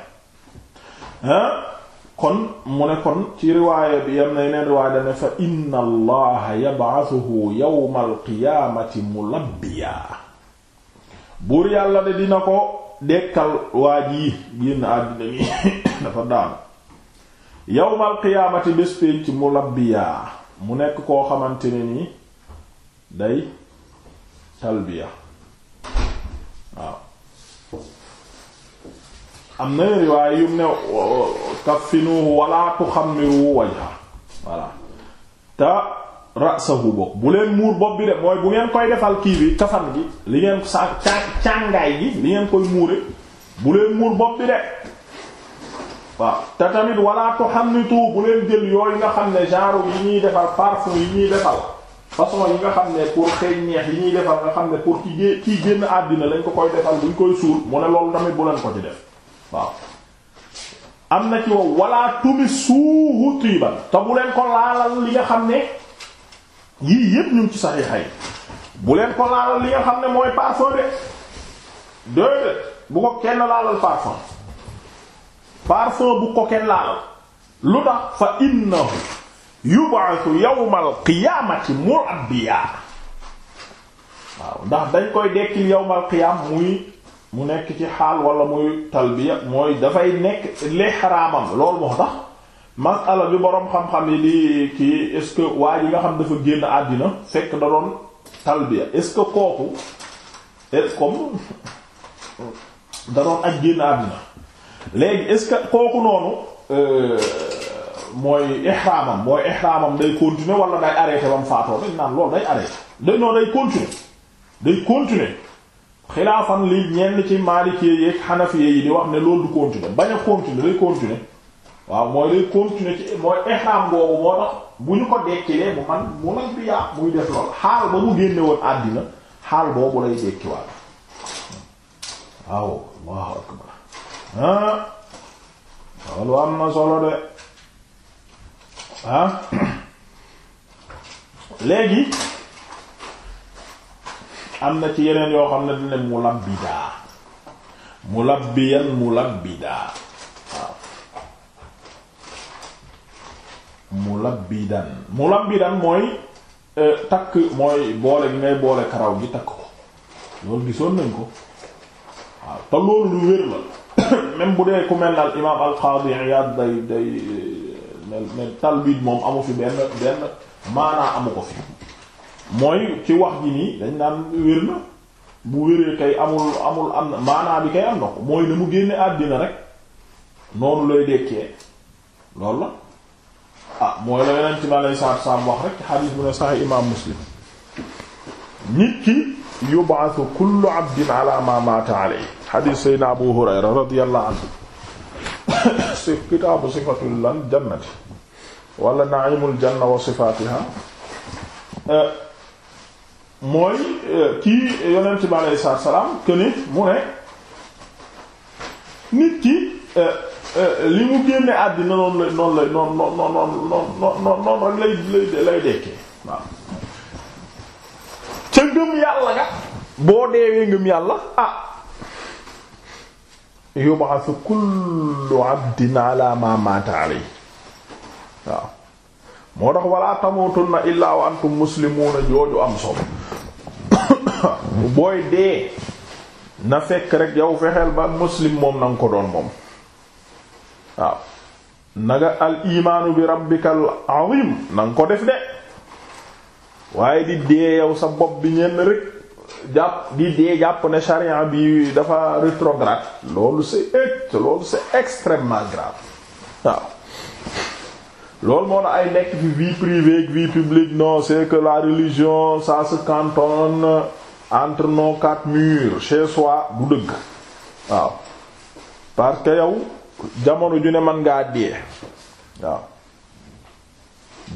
ah kon mu ne kon ci riwaaya bi yam na yeneen riwaaya dane fa inna allaha yab'athuhu yawmal qiyaamati mulabbiya buur yàlla de dina ko dekkal waa ji génn àddina mi [coughs] dafa daanu yawmal qiyaamati bés pénc mu labbiyaa mu nekk koo xamante ne ni day talbiya waaw am na riwaay yu ne kaffinuhu wala tuxammiru wajha voilà ta rasahu bokk bu leen muur bopp bi de mooy bu ngeen koy defal kii bi kafan gi li ngeen sa càngaay gi li ngeen koy muure bu leen muur bopp bi de waaw te tamit wala tuhannitu bu leen jël yooyu nga xam ne genre yi ñuy defal parfum yi ñuy defal façon yi nga xam ne pour xëy neex yi ñuy defal nga xam ne pour ki gé kii génn àddina lañ ko koy defal buñ koy suur mu ne loolu tamit bu leen ko ci def waaw am na ci wow wala tumi suuhu tiiban te bu leen xam ne yii yépp ñu ci saxiixa yi bu leen ko laalal li nga xam ne mooy parfum de déedéet bu ko kenn laalal parfum parfum bu ko kenn laalal lu tax fa innahu yub'athu yawmal qiyaamati mu'abbiya waaw ndax dañ koy dekkil yawmal qiyaam muy mu nekk ci xaal wala muy talbiya mooy dafay nekk lihraamam loolu moo tax masala bi boroom xam-xam yi di kii est-ce que yi nga xam dafa génn àddina fekk da doon talbiya est-ce que kooku est comme da doon ak génn àddina léegi est-ce kooku noonu euh, mooy ihraamam mooy ihraamam day continuer wala day arrêter ba mu faatoo dañ naan loolu day arrêter day noonu day continuer day continuer xilaafan li ñenn ci maalikee yeeg xanafiye yi di wax ne loolu du continuer bañ a continuer day continuer waaw mooy lay continuer ci mooy ihram boobu moo tax bu ñu ko dekkilee bu man mu lay biyaa muy def lool xaal ba mu génne àddina xaal boobu lay dekkiwaat waaw allahu akbar ah loolu am na solo de ah [coughs] léegi am na ci yeneen yoo xam ne dina mulabbidaa mulabbiyan mulabbidaa waaw mulabbidan mulabbidan mooy euh, takk mooy boole bi ngay boole karaw gi takk ko loolu gisoon nañ ko waaw te lu wér la [coughs] même bu dee ku mel na al imaam al qaadi Iyaad day day euh, mel talbiid moom amu fi benn benn maanaa amu ko fi mooy ci wax ji nii dañ naan wér na bu wéree kay amul amul am na maanaa bi kay am na ko mooy na mu génne àddina rek noonu lay dekkee loolu la ah mooy la yeneen ci ma lay saat saam wax rek xadiis bu ne sax imaam muslim nit ki yub'athu kullu abdin ala ma mata alayhi xadiis sayyidina abu hurayra radiyallahu anhu si kitaabu sifatul lan jannati wala na'imul janna wa sifatiha mooy kii yonent bi aleyhi salaatu wa salaam que ne mu ne nit ki Euh, li mu génne àddina noonu la noonu la noonu lay lay dekkee waaw ca ngëm yàlla nga boo deewee ngëm yàlla ah yub'athu kullu 'abdin 'ala ma mata waaw moo tax wala tamutunna illa wa antum muslimuuna jooju am solo [coughs] booy dee na fekk rek yow fexeel ba muslim moom na ko doon moom waaw naga al imaanu bi rabbikal azim na nga ko def de waaye di dee yow sa bopp bi ñenn rek jàpp di dee jàpp ne charia bi dafa rétrograde loolu c'est et loolu c'est extrêmement grave waaw loolu moo na ay nekk fi vie privée vie publique non c'est que la religion ça se cantonne entre nos quatre murs chez soi bu dëgg waaw parce que yow jamono ju ne mën ngaa dee waaw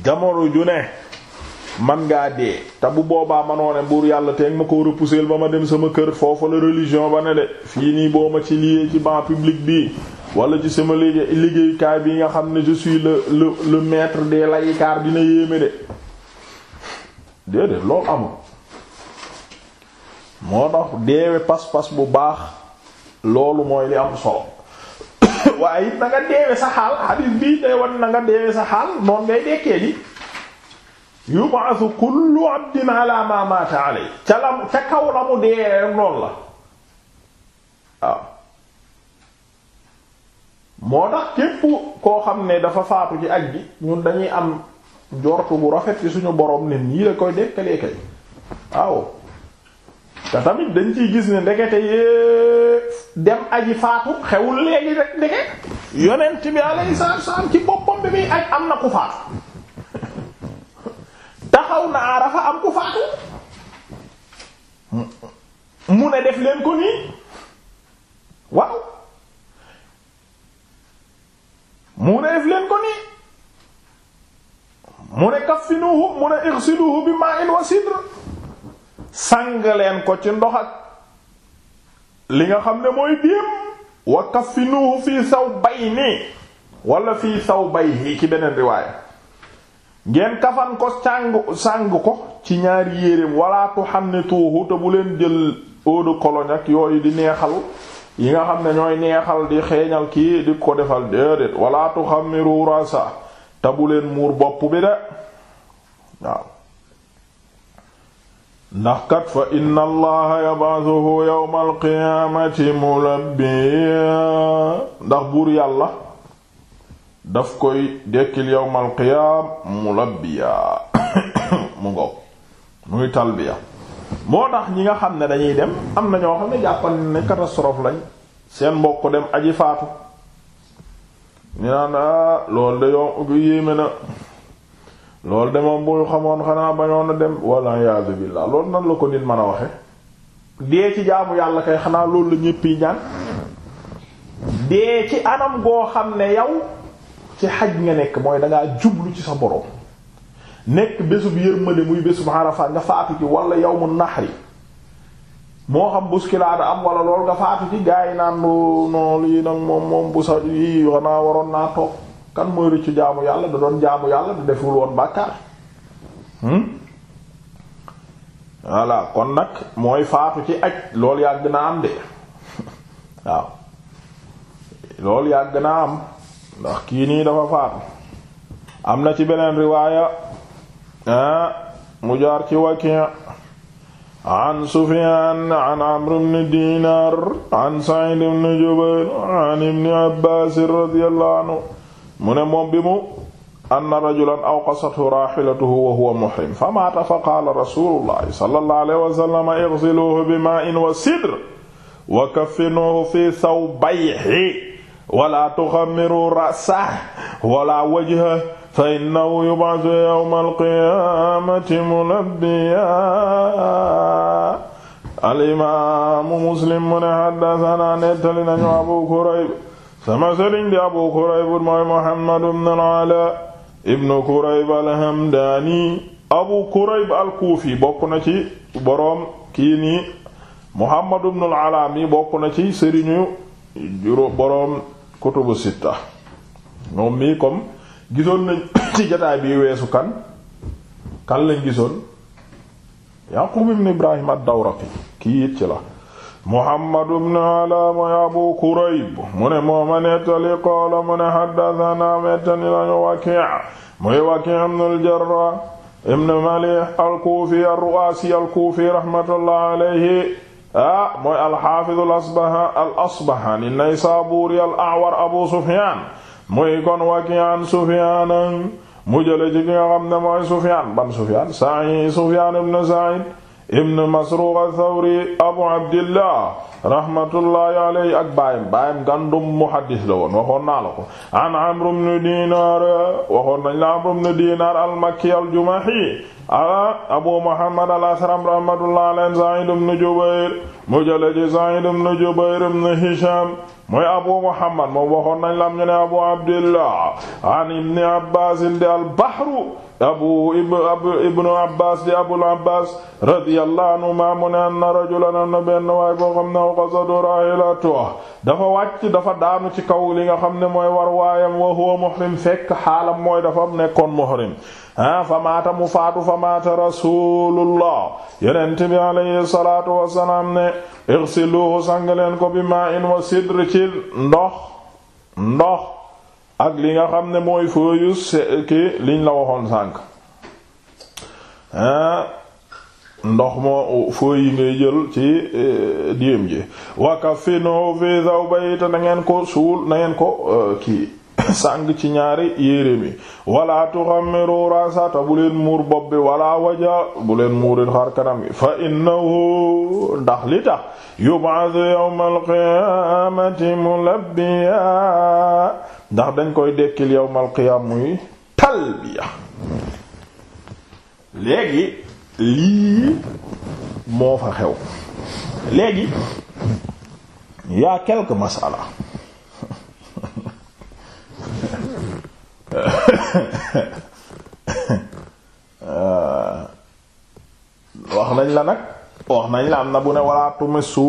jamono ju ne mën ngaa dee te bu boobaa manoo ne buur yàlla teeg ma ko repousser ba ma dem sama kër foofu la religion ba ne de fii nii boo ma ci lié ci ban public bi wala ci sama liggéeyukaay bii nga xam ne je suis le le le maître des laïcards dina yéeme de déedéet loolu amul moo tax deewe pas-pas bu baax loolu mooy li am solo waaye it na nga deewe sa xaal xadis bii day wan na nga deewe sa xaal noon ngay dekkee ji yub'athu kullu 'abdin 'ala ma mata 'alayhi ca lam ca kaw la mu dee noonu la moo tax képp koo xam ne dafa faatu ci aj bi ñun dañuy am njort bu rafet ci suñu borom ne nii la koy dekkalee kay waaw te tamit dañ ci gis ne ndekete yee dem aji faatu xewul léegi rek ndeke yonent bi alayhi salaatu wassalaam ci boppam bi muy aj am na ku faatu taxaw na Arafa am ku faatu mu ne def leen ko nii waaw mu ne def leen ko nii mu ne kaffinuhu mu ne igsiluhu bi ma'in wa sidr sang leen ko ci ndox ak li nga xam ne mooy déem wa kafinuhu fii sawbayni wala fii sawbayhi ci beneen riwaaya ngeen kafan ko sàng sàng ko ci ñaari yéreem wala tuxannituuhu te bu leen jël eau de cologne ak yooyu di neexal yi nga xam ne ñooy neexal di xeeñal ki di ko defal déedéet wala tuxammiru rasa te bu leen muur bopp bi de waaw ndax kat fa inna allaha yab'athuhu yawmal qiyaamati mulabbiya ndax buur yàlla daf koy dekkil yawmal qiyaam mulabbiya [coughs] mu ngoog muy talbiya moo tax ñi nga xam ne dañuy dem am na ñoo xam ne jàppal ne catastrophe lañ seen mbokk dem aji faatu ñu naan ah, loolu de yow yéeme na loolu de moom bu xamoon xanaa bañoon a dem walla iyaazu billaah loolu nan la ko nit man a waxe dee ci jaamu yàlla kay xanaa loolu la ñépp yi dee ci anam goo xam ne yow ci xaj nga nekk mooy dangaa jublu ci sa borom nekk bésub yërmande muy bésub Arafat nga faatu ci mu yawmu nahri moo xam buskilaada am wala lool nga faatu ci gaa yi naan oh, non lii nag moom moom bu yi xanaa waroon naa toog kan mooy rëccu jaamu yàlla da doon jaamu yàlla da deful woon bàkkaar hmm? voilà kon nag mooy faatu ci aj loolu yàgg naa am de [laughs] waaw loolu yàgg naa am ndax kii nii dafa faatu am na ci beneen riwaaya ah, mu jaar ci Waki' an Sufyaan an Amr ibn Diinaar an Sa'iid ibn Jubayr mu ne moom bi mu anna rajulan awqasathu raahilatuhu wa huwa muhrim fa maata fa qaala rasuulullahi sallallahu alayhi wa sallam ighsiluhu bimaa'in wa sidr wa kaffinuhu fi thawbayhi wa laa tughammiru ra'sahu wa laa wajhahu fa innahu yub'athu yawmal qiyaamati mulabbiyan al imaamu muslim mu ne haddasanaa nettali nañu abu kurayb sama sëriñ di abu kurayb mooy muhammad ibn al-ala kurayb al-hamdani abu kurayb al-kuufi bokk na ci boroom kii nii muhammad ibn al-ala bokk na ci sëriñu juróom boroom kutubu sitta moom mii comme gisoon nañ ci jotaay bi weesu kan kan lañ gisoon yaqub ibn ibrahim ad-dawraqi kii it ci la Muhammad ibn Ala mooy Abu Kurayb mu ne moo ma nettali qaala mu ne haddathana mettani lañu Waki' muy Waki' ibn al-Jarrah ibn Malih al-Kufi ar-Ru'asi al-Kufi rahmatullah alayhi ah mooy al-Hafiz al-Asbahani an-Naysaburi al-A'war Abu Sufyan muy kon Waki' an Sufyan mu jële ci ki nga xam ne mooy Sufyan ban Sufyan Sa'id Sufyan ibn Sa'id ibn masruq athawri abu abdillah rahmatullahi alayhi ak baayam baayam gàndum muhaddis la woon waxoon naa la ko an amr ibn dinar waxoon nañ la amr ibn dinar al makki al jumahi ah Abu Muhammad al-Asram rahmatullah alayhi Sa'id ibn Jubayr mu jële ci Sa'id ibn Hisham mooy Abu Muhammad moom waxoon nañ lam ñu ne Abu abu Ibn Abbas di Abul Abbas radiyallahu anhuma mu ne anna na benn waay dafa wàcc dafa daanu ci kaw li nga xam ne mooy war wa huwa muhrim fekk xaalam mooy dafa nekkoon muhrim ah fa maata mu faatu fa maata rasulullah yonent bi alayhi salaatu wassalaam ne irsiluhu sang leen ko bi maa in wa sidr ci ndox ndox ak li nga xam ne mooy fooyu ki liñ la waxoon sànk ndox moo fooy yi ngay jël ci eh, diem ji waka fi no fi zawbayta na ngeen ko suul na ko eh, kii sàng ci ñaari yére mi wala tuxammiru rasata bu leen muur bopp bi wala waja bu leen muurit xar kanam bi fa innahu ndax li tax yub'athu yawmal qiyaamati mulabbiya ndax dañ koy dekkil yawmal qiyaam muy talbiya léegi lii moo fa xew léegi yaa quelques masala Euh, wax nañ la nag wax nañ la am na bu ne wala tumisu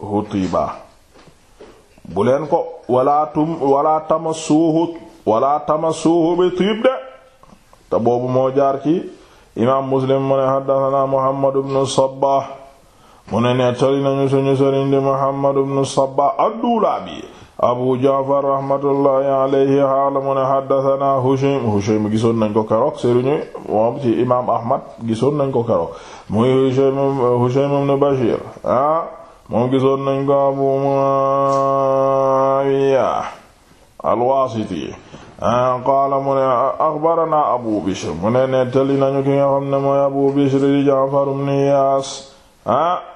hutiba bu leen ko wala tum wala tamasuhu wala tamasuhu bi tiib de te boobu moo jaar ci imaam muslim mu ne haddathana muhammad ibn sabbah mu ne nettali nañu suñu sëriñ di muhammad ibn sabbah ad-dulabi abu jaafar rahmatullahi alayhi xaala mu ne xaddatanaa hushim gisoon nañ ko keroog sëriñu moom ci imaam ahmad gisoon nañ ko keroog muy hushim hushim ibn bashir ah moom gisoon nañ ko abu muawiya alwaasiti ah qaala mu ne axbaranaa abu bishr mu ne nettali nañu ki nga xam ne mooy abu bishr di jaafar ibn ah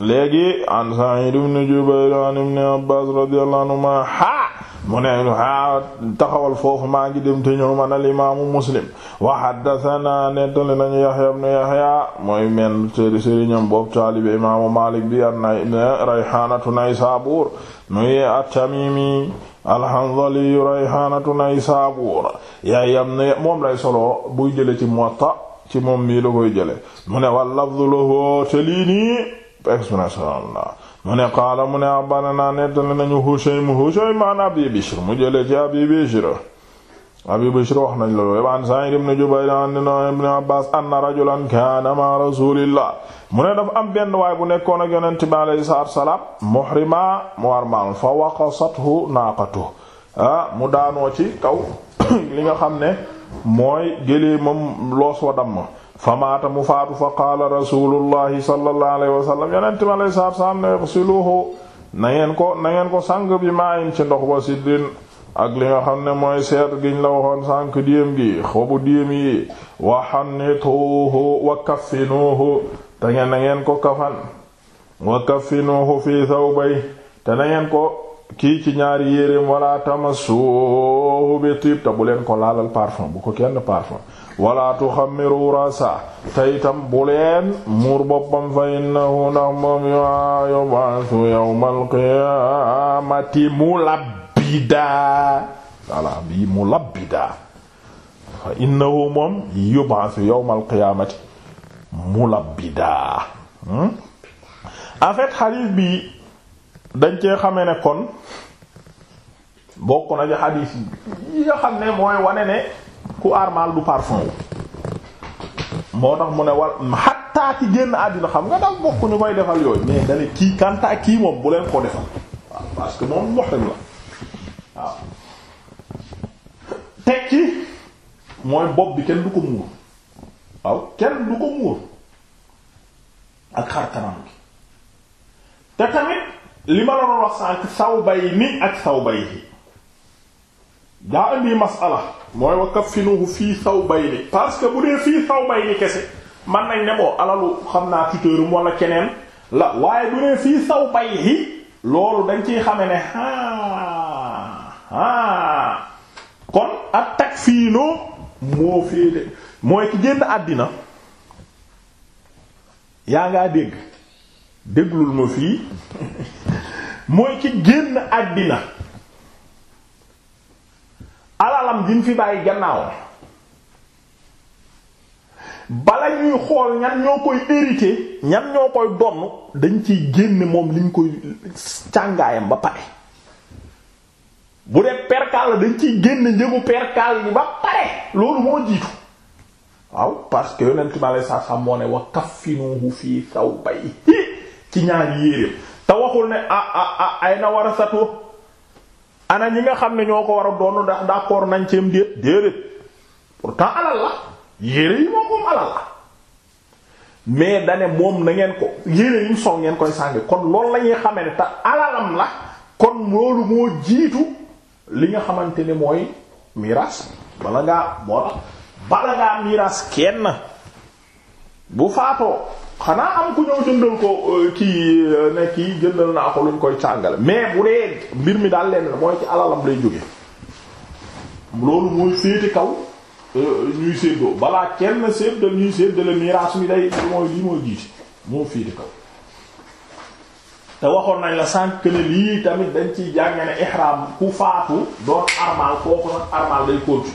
léegi an Sa'id ibn Jubayr an ibn Abbas radiyallahu anhuma ha mu ne ha taxawal foofu maa ngi dem te ñëw man al imaamu Muslim wa haddathana nettali nañu Yahya ibn Yahya mooy men sëri sëriñam boobu taalibe imaamu Malik bi an Rayhanatu Naysabur muy at-Tamimi al-Hanzali Rayhanatu Naysabur Yahya moom lay solo buy jële ci Muwatta ci moom mii la koy mu ne wal lafzu lahu te expressalla mu ne qaala mu ne abbanana nettali nañu Hushaym Hushaym an Abi Bishr mu jëlee ci Abi Bishr Abi Bishr wax nañ la loolu an Sa'id ibn Jubayr an ibn Abbas anna rajulan kaana ma rasulillah mu ne dafa am benn waay bu nekkoon ak yonent bi alayhi salaatu wassalaam muhrima mu armal fa waqasathu naaqatuhu ah mu daanoo ci kaw [coughs] li nga xam ne mooy gëlee moom loos wa damm fa maata mu faatu fa qaala rasulullahi sallallahu alayhi wa sallam yonent mi alayhi ne siluhu na ngeen ko na ngeen ko sàng bi maayin ci ndox ba siddin ak li nga xam ne mooy seet giñ la waxoon sànk diyem gi xobu diyem yi wa xannituuhu wa kaffinuuhu te ngeen na ngeen ko kafan wa kaffinuuhu fii thawbay te na ko kii ci ñaari yéreem wala tamassuhu bi tib te bu leen ko laalal parfum bu ko kenn parfum wala tuxammiru rasa te itam bu leen muur boppam fa innahu ndax moom yub'athu yawmal qiyaamati mulabbidaa wala bi mulabbidaa fa dañ cee xamee ne kon bokk na ci xadiis yi nga xam ne mooy wane ne ku armal du parfum moo tax mu ne war xattaa ci génn àddina xam nga daal bokk ñu koy defal yooyu mais dale kii kantaa kii moom bu leen ko defal waaw parce que moom muhrim la waaw tekki mooy bopp bi kenn du ko muur waaw kenn du ko muur ak xar kanam gi te tamit li ma la doon wax sànq sawbayni ak sawbayhi daa indi masala mooy wa kaffinuhu fii sawbayni parce que bu dee fii sawbayni kese man nañ ne boo alalu xam naa tuteurum wala keneen la waaye bu dee fii sawbayhi loolu dañ ciy xame ne haa haa kon ak takfiinu moo féete mooy ki génn àddina yaa ngaa dégg déglul ma fii [laughs] mooy ki génn àddina alalam ji mu fi bàyyi gannaawam bala ñuy xool ñan ñoo koy hérité ñan ñoo koy donn dañ ciy génne moom liñ koy càngaayam ba pare bu dee perkaal la dañ ciy génne njëgu perkaal yi ba pare loolu moo jiitu waaw parce que yonent bi aleyhi salaam moo ne wa kaffinuhu fii sawbayhi ci ñaari yéreem te waxul ne a ah, ah, ah, ay na war a satu ana ñi nga xam ne ñoo ko war a doon ndax d'accord nañ ceem déet pour pourtant alal la yére yi moom moom alal la mais dane moom na ngeen ko yére yi mu sol ngeen koy sànge kon loolu la ñuy xamee ne te alalam la kon loolu moo jiitu li nga xamante ne mooy miraas bala ngaa boo tax bala ngaa miraas kenn bu faatoo xanaa am ku ñëw jëndal ko euh, kii euh, ne kii jëndal naa ko luñ koy càngale mais bu dee mbir mi daal leen mooy ci alalam lay jóge loolu mooy féete kaw euh, ñuy séddoo balaa kenn séddal ñuy séddale miraas mi day mooy lii mooy jiite moo féete kaw te waxoon nañ la sànq ne lii tamit dañ ci jànge ne ihram ku faatu doon armal kooku nag armal day kóotu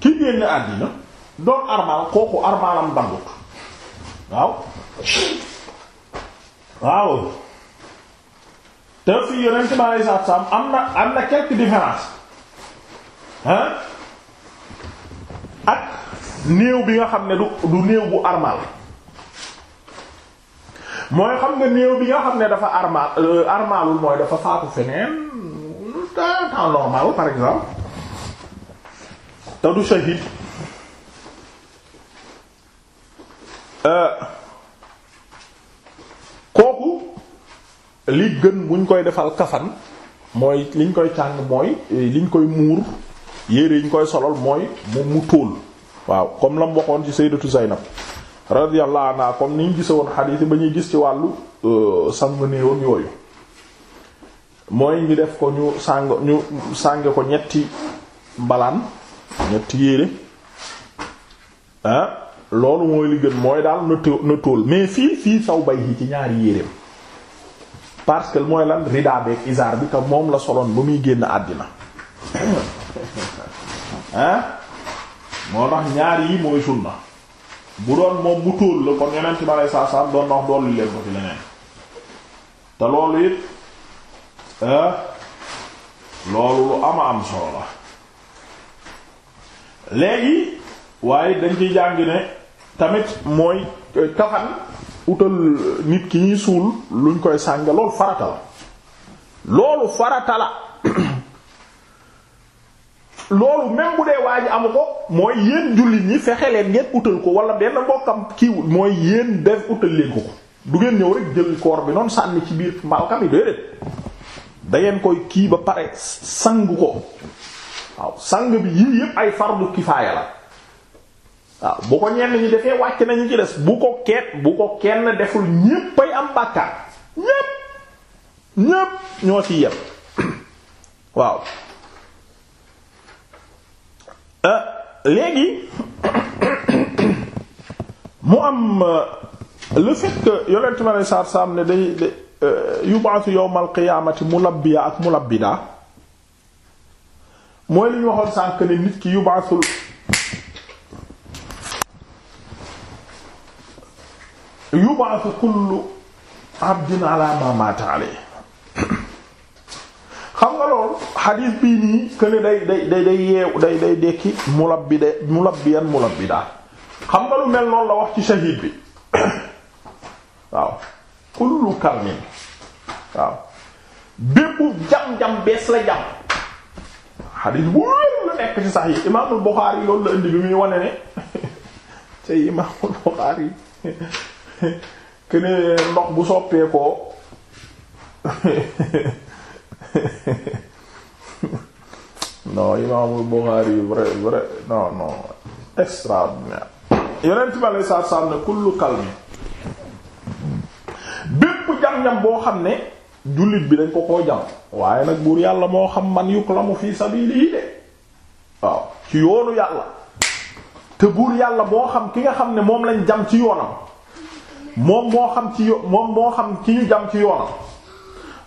ki génn àddina doon armal kooku armalam dangut waaw waaw te fii yonent bi alayhi salaatu salaam am na am na quelques différences hein ak néew bi nga xam ne du du néew bu armal mooy xam nga néew bi nga xam ne dafa armal euh, armalul mooy dafa faatu feneen temps normal par exemple te du shahid Euh, kooku li gën buñ koy defal kafan mooy liñ koy tàng mooy eh, liñ koy muur yére yiñ koy solal mooy mu mu tóol waaw comme la mu waxoon ci sayyidatu Zaynab radiyallahu anha comme niñ gisewoon xadiis yi ba ñuy gis ci wàllu euh, sang néewam yooyu mooy ñu def ko ñu sànge ko ñetti mbalaan ñetti yére ah, loolu mooy li gën mooy daal na tó na tóol mais fii fii saw bay yi ci ñaari yéreem parce que mooy lan rida isaar bi te moom la soloon ba muy génn àddina [laughs] hein moo tax ñaari yi mooy sunna bu doon moom bu tóol la kon yeneen ci ma lay saasaan doon na doon li leen ko ci leneen te loolu it loolu lu ama am solo la léegi waaye dañ ciy jàng ne tamit mooy kafan euh, utal euh, nit ki ñuy suul luñ koy sàng loolu farata la loolu farata la [coughs] loolu même mu dee waa ji amu ko mooy yéen jullit ñi fexe leen ngeen utal ko wala benn mbokkam kiiwul mooy yéen def utal leen ko du ngeen ñëw rek jël koor bi noonu sànni ci biir mbalkam yi déedéet dangeen koy kii ba pare sang ko waaw sang bi yii yépp ay fardu kifaaya la waaw bu ko ñenn ñi defee wàcc nañu ci des bu ko keet bu ko kenn deful ñéppay am bàkkaar ñépp ñépp ñoo ci yem [coughs] waaw euh, léegi [coughs] mu am euh, le fait que yonent ma ne saar saam ne day euh, yub'athu yawmal qiyaamati mulabbiya ak mulabbidaa mooy li ñu waxoon sànk ne nit ki yub'athul yub'athu kullu abdin ala ma mata xam nga loolu xadiis bii nii kële day day day day yeew day day dekki mulabbi daal xam nga lu mel noonu la wax ci shahiid bi [coughs] waaw kullu kalmin waaw bépp jam-jam bees la jam xadiis bu muy wane ne [laughs] te imaamul Buxaari [laughs] que ndox bu soppeekoo non imaamul Buxaari yi vrai vrai non non extraordinaire yonent bi alei saatu salaam ne kullu kalmi bépp jam-jam boo xam ne jullit bi dañ ko koo jam waaye nag buur yàlla moo xam man yuklamu fi sabilihi de waaw ci yoonu yàlla te buur yàlla boo xam ki nga xam ne moom lañ jam ci yoonam moom moo xam ci yo moom moo xam ci ñu jam ci yoonam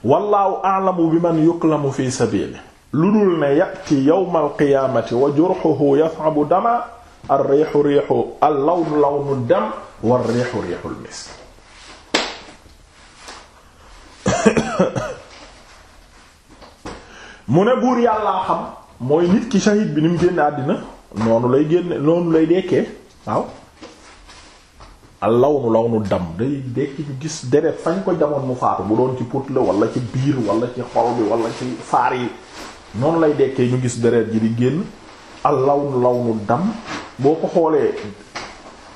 wallaahu a'lamu bi man yuklamu fi sabili lu dul ne yati yawm alqiyaamati wa jurxuhu yas'abu dama ar-riixu riixu al-lawnu lawnu dam wa ar-riixu riixu riixu al [coughs] mu ne buur yàllaa xam mooy nit ki shahid bi ni mu génne àddina noonu lay génne noonu lay dekkee waaw al law lawnu dam day dekk ñu gis deret fañ ko jamoon mu faatu bu doon ci put la wala ci biir wala ci xol bi walla ci faar yi noonu lay dekkee ñu gis deret ji di génn al lawnu lawnu dam boo ko xoolee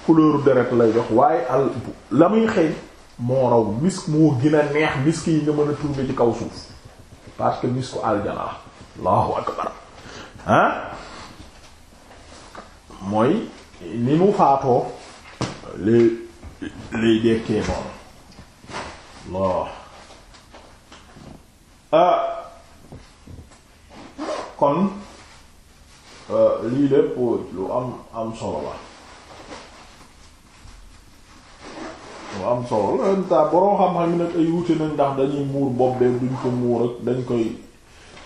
couleur deret lay jox waaye al la muy xëy moo raw misk moo gën a neex misk yi nga mën a trouver ci kaw suuf parce que misku aljana la allahu akbar ah mooy ni mu faatoo lay lay dekkee noonu waaw ah kon ah, lii lépp lu am am solo la lu am solo la daa boroo xam-xam yi nag ay wuute nañ ndax dañuy muur bopp beeg duñ ko muur ak dañ koy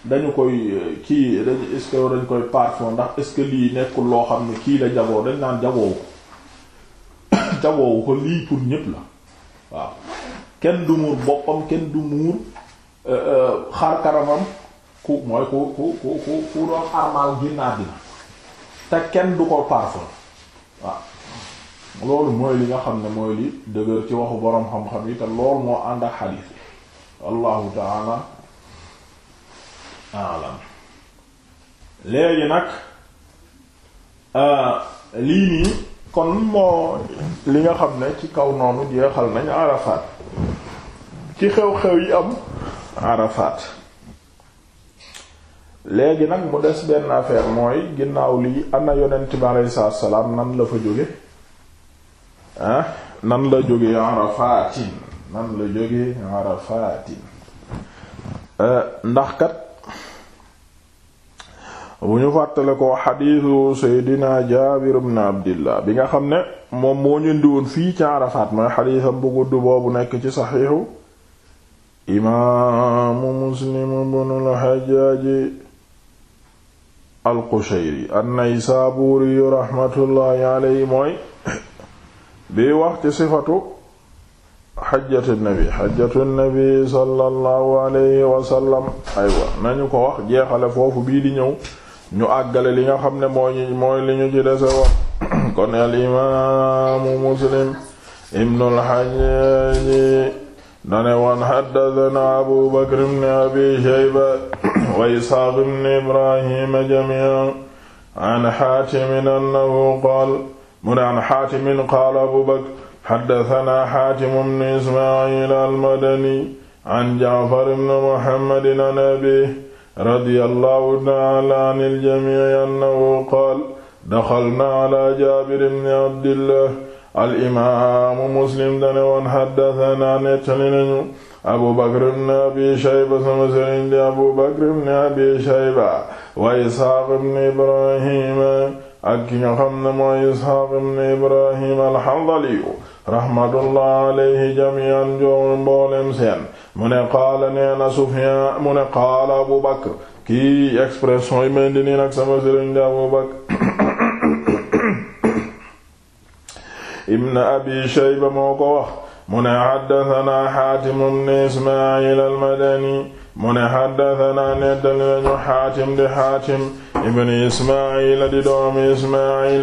dañ koy eh, kii dañu est-ce que dañ koy parfum ndax est lii nekkul loo xam ne kii la jagoo dañ naan jagoo ko jagoowu ko lii pour ñépp la waaw kenn du muur boppam kenn du muur euh, euh, xar kanamam ku mooy ku ku ku ku ku doon armal ginnaar dina te kenn du ko parfum waaw loolu mooy li nga xam ne mooy li dëgër ci waxu boroom xam-xam yi te loolu moo ànd ak xadiis yi wallahu taala alam léegi nag euh, lii nii kon moo li nga xam ne ci kaw noonu jeexal nañ Arafat ci xew-xew yi am Arafat léegi nag mu des benn affaire mooy ginnaaw lii ana yonent bi aleyhi salaatu salaam nan la fa jóge ah, nan la jóge la jóge Arafatin eh, ndax kat bu ñu fàttale ko xadiisu Seydina Jaabir ibn Abdillah bi nga xam ne moom moo ñu indi woon fii ci Arafat mooy xadiisam bu boobu nekk ci saxiixu imaamu Muslim ibnu al-Hajjaaj al-Qushayri an-Naysaabuuri raxmatullaahi alayhi mooy bi wax ci sifatu xajjatu nabi xajjatu nabi sallallahu alayhi wa sallam aywa nañu ko wax jeexale foofu bii di ñëw ñu àggale li nga xam ne mooy mooy li ñu ci dese wax kon al imaamu muslim ibnu al-Hajjaaj dane woon haddathana abu bakr ibn abi shayba wa ishaaq ibn ibrahim jamii'an an haatimin annahu qaala mu ne an haatimin qaala abu bakr haddathana haatim ibn ismaa'iil al-madani an ja'far ibn muhammadin an abiihi radiyallahu ta'aala anil jamii' annahu qaala daxalnaa alaa jaabir ibn abdillah alimaamu muslim dane woon xaddatanaa nettali nañu abu bakr ibn abi shayba sama sëriñ di abu bakr ibn abi shayba wa isxaaq ibn ibrahima ak ki nga xam ne mooy isxaaq ibn ibrahima alxandaliyu rahmatullah alayhi jamian joowul mboolem seen mu ne qaala nee na sufyan mu ne qaala abu bakr kii expression yi mel ni nag sama sëriñ di abu bakr ibn abi shayba moo ko wax mu ne xaddatanaa xaatim ibn ismail almadani mu ne xaddatanaa nettali nañu xaatim di xaatim ibn ismail di doomi ismail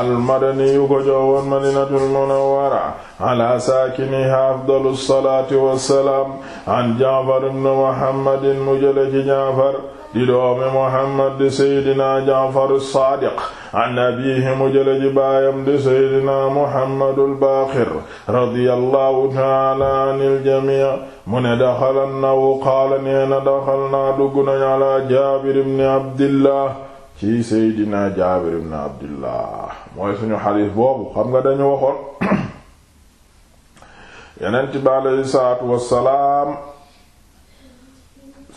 almadani yu ko jowoon madinatul munawwara ala saakiniha afdalu salaati wassalaam an jaafar ibn muhammadin mu jële ci jaafar di doomi muhammad di seydina jaafar as-saadiq an abiihi mu jële ji baayam di seydina muhammadul baaqir radiyallahu taala anil jamii mu ne daxala nawu qaala nee na daxal naa dugg nañ ala jaabir ibn abdillah ci seydina jaabir ibn abdillah mooy suñu xadiis boobu xam nga dañu waxoon [coughs] yonent bi aleyhi salaatu wassalaam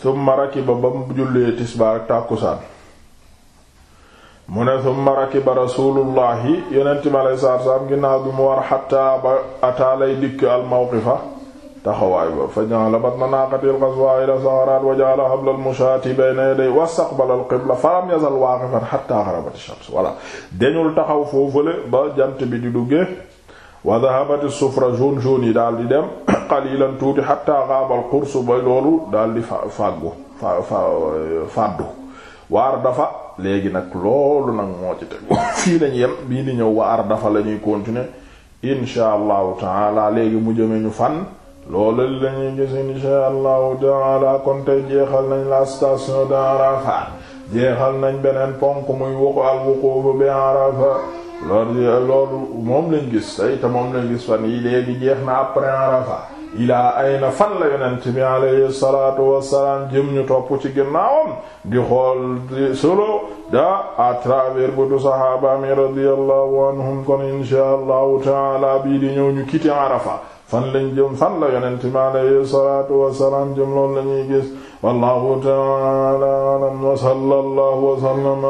summa rakiba ba mu jullee tisbaar ak tàkkusaan mu ne thumma rakiba rasulullahi yonent mi aleyhi salaatu salaam ginnaaw bi mu war xataa ba ataa lay dikk almawqifa taxawaay ba fa ja'ala batna naaqatil qaswa ila saharaat wa ja'ala habla almushaati bayna yaday wastaqbala alqibla falam yazal waaqifan xataa gharabat ash-shams voilà dañul taxaw foofule ba jant bi di duggee wa dhahabat as-sufra jaune jaune yi daal di dem [coughs] qalilan tuuti xataa ghaaba al-qurs ba loolu daal di fa fàggu fa fa fàddu waar dafa léegi nag loolu nag moo ci tegu [laughs] fii lañ yem bii di ñëw wa ar dafa la ñuy continuer insha allahu taala léegi mu jëme ñu fan loolu lañuy gis insha allahu taala kon tey jeexal nañ la station de Arafat jeexal nañ beneen ponk muy wuqu al wuqufu bi Arafat loolu loolu moom lañ gis tey te moom lañ gis fan yi léegi jeex na après Arafat ilaa ayna fan la yonent bi alayhi salatu wassalaam jëm ñu topp ci ginnaawam di xool di solo da à travers bu du sahabaami radiyallahu anhum kon inshaa allahu taala bii ñëw ñu kiti arafa fan lañ jëm fan la yonent bi alayhi salatu wassalaam jëm loolu la gis wallahu taala alam wa sallallahu wa sallama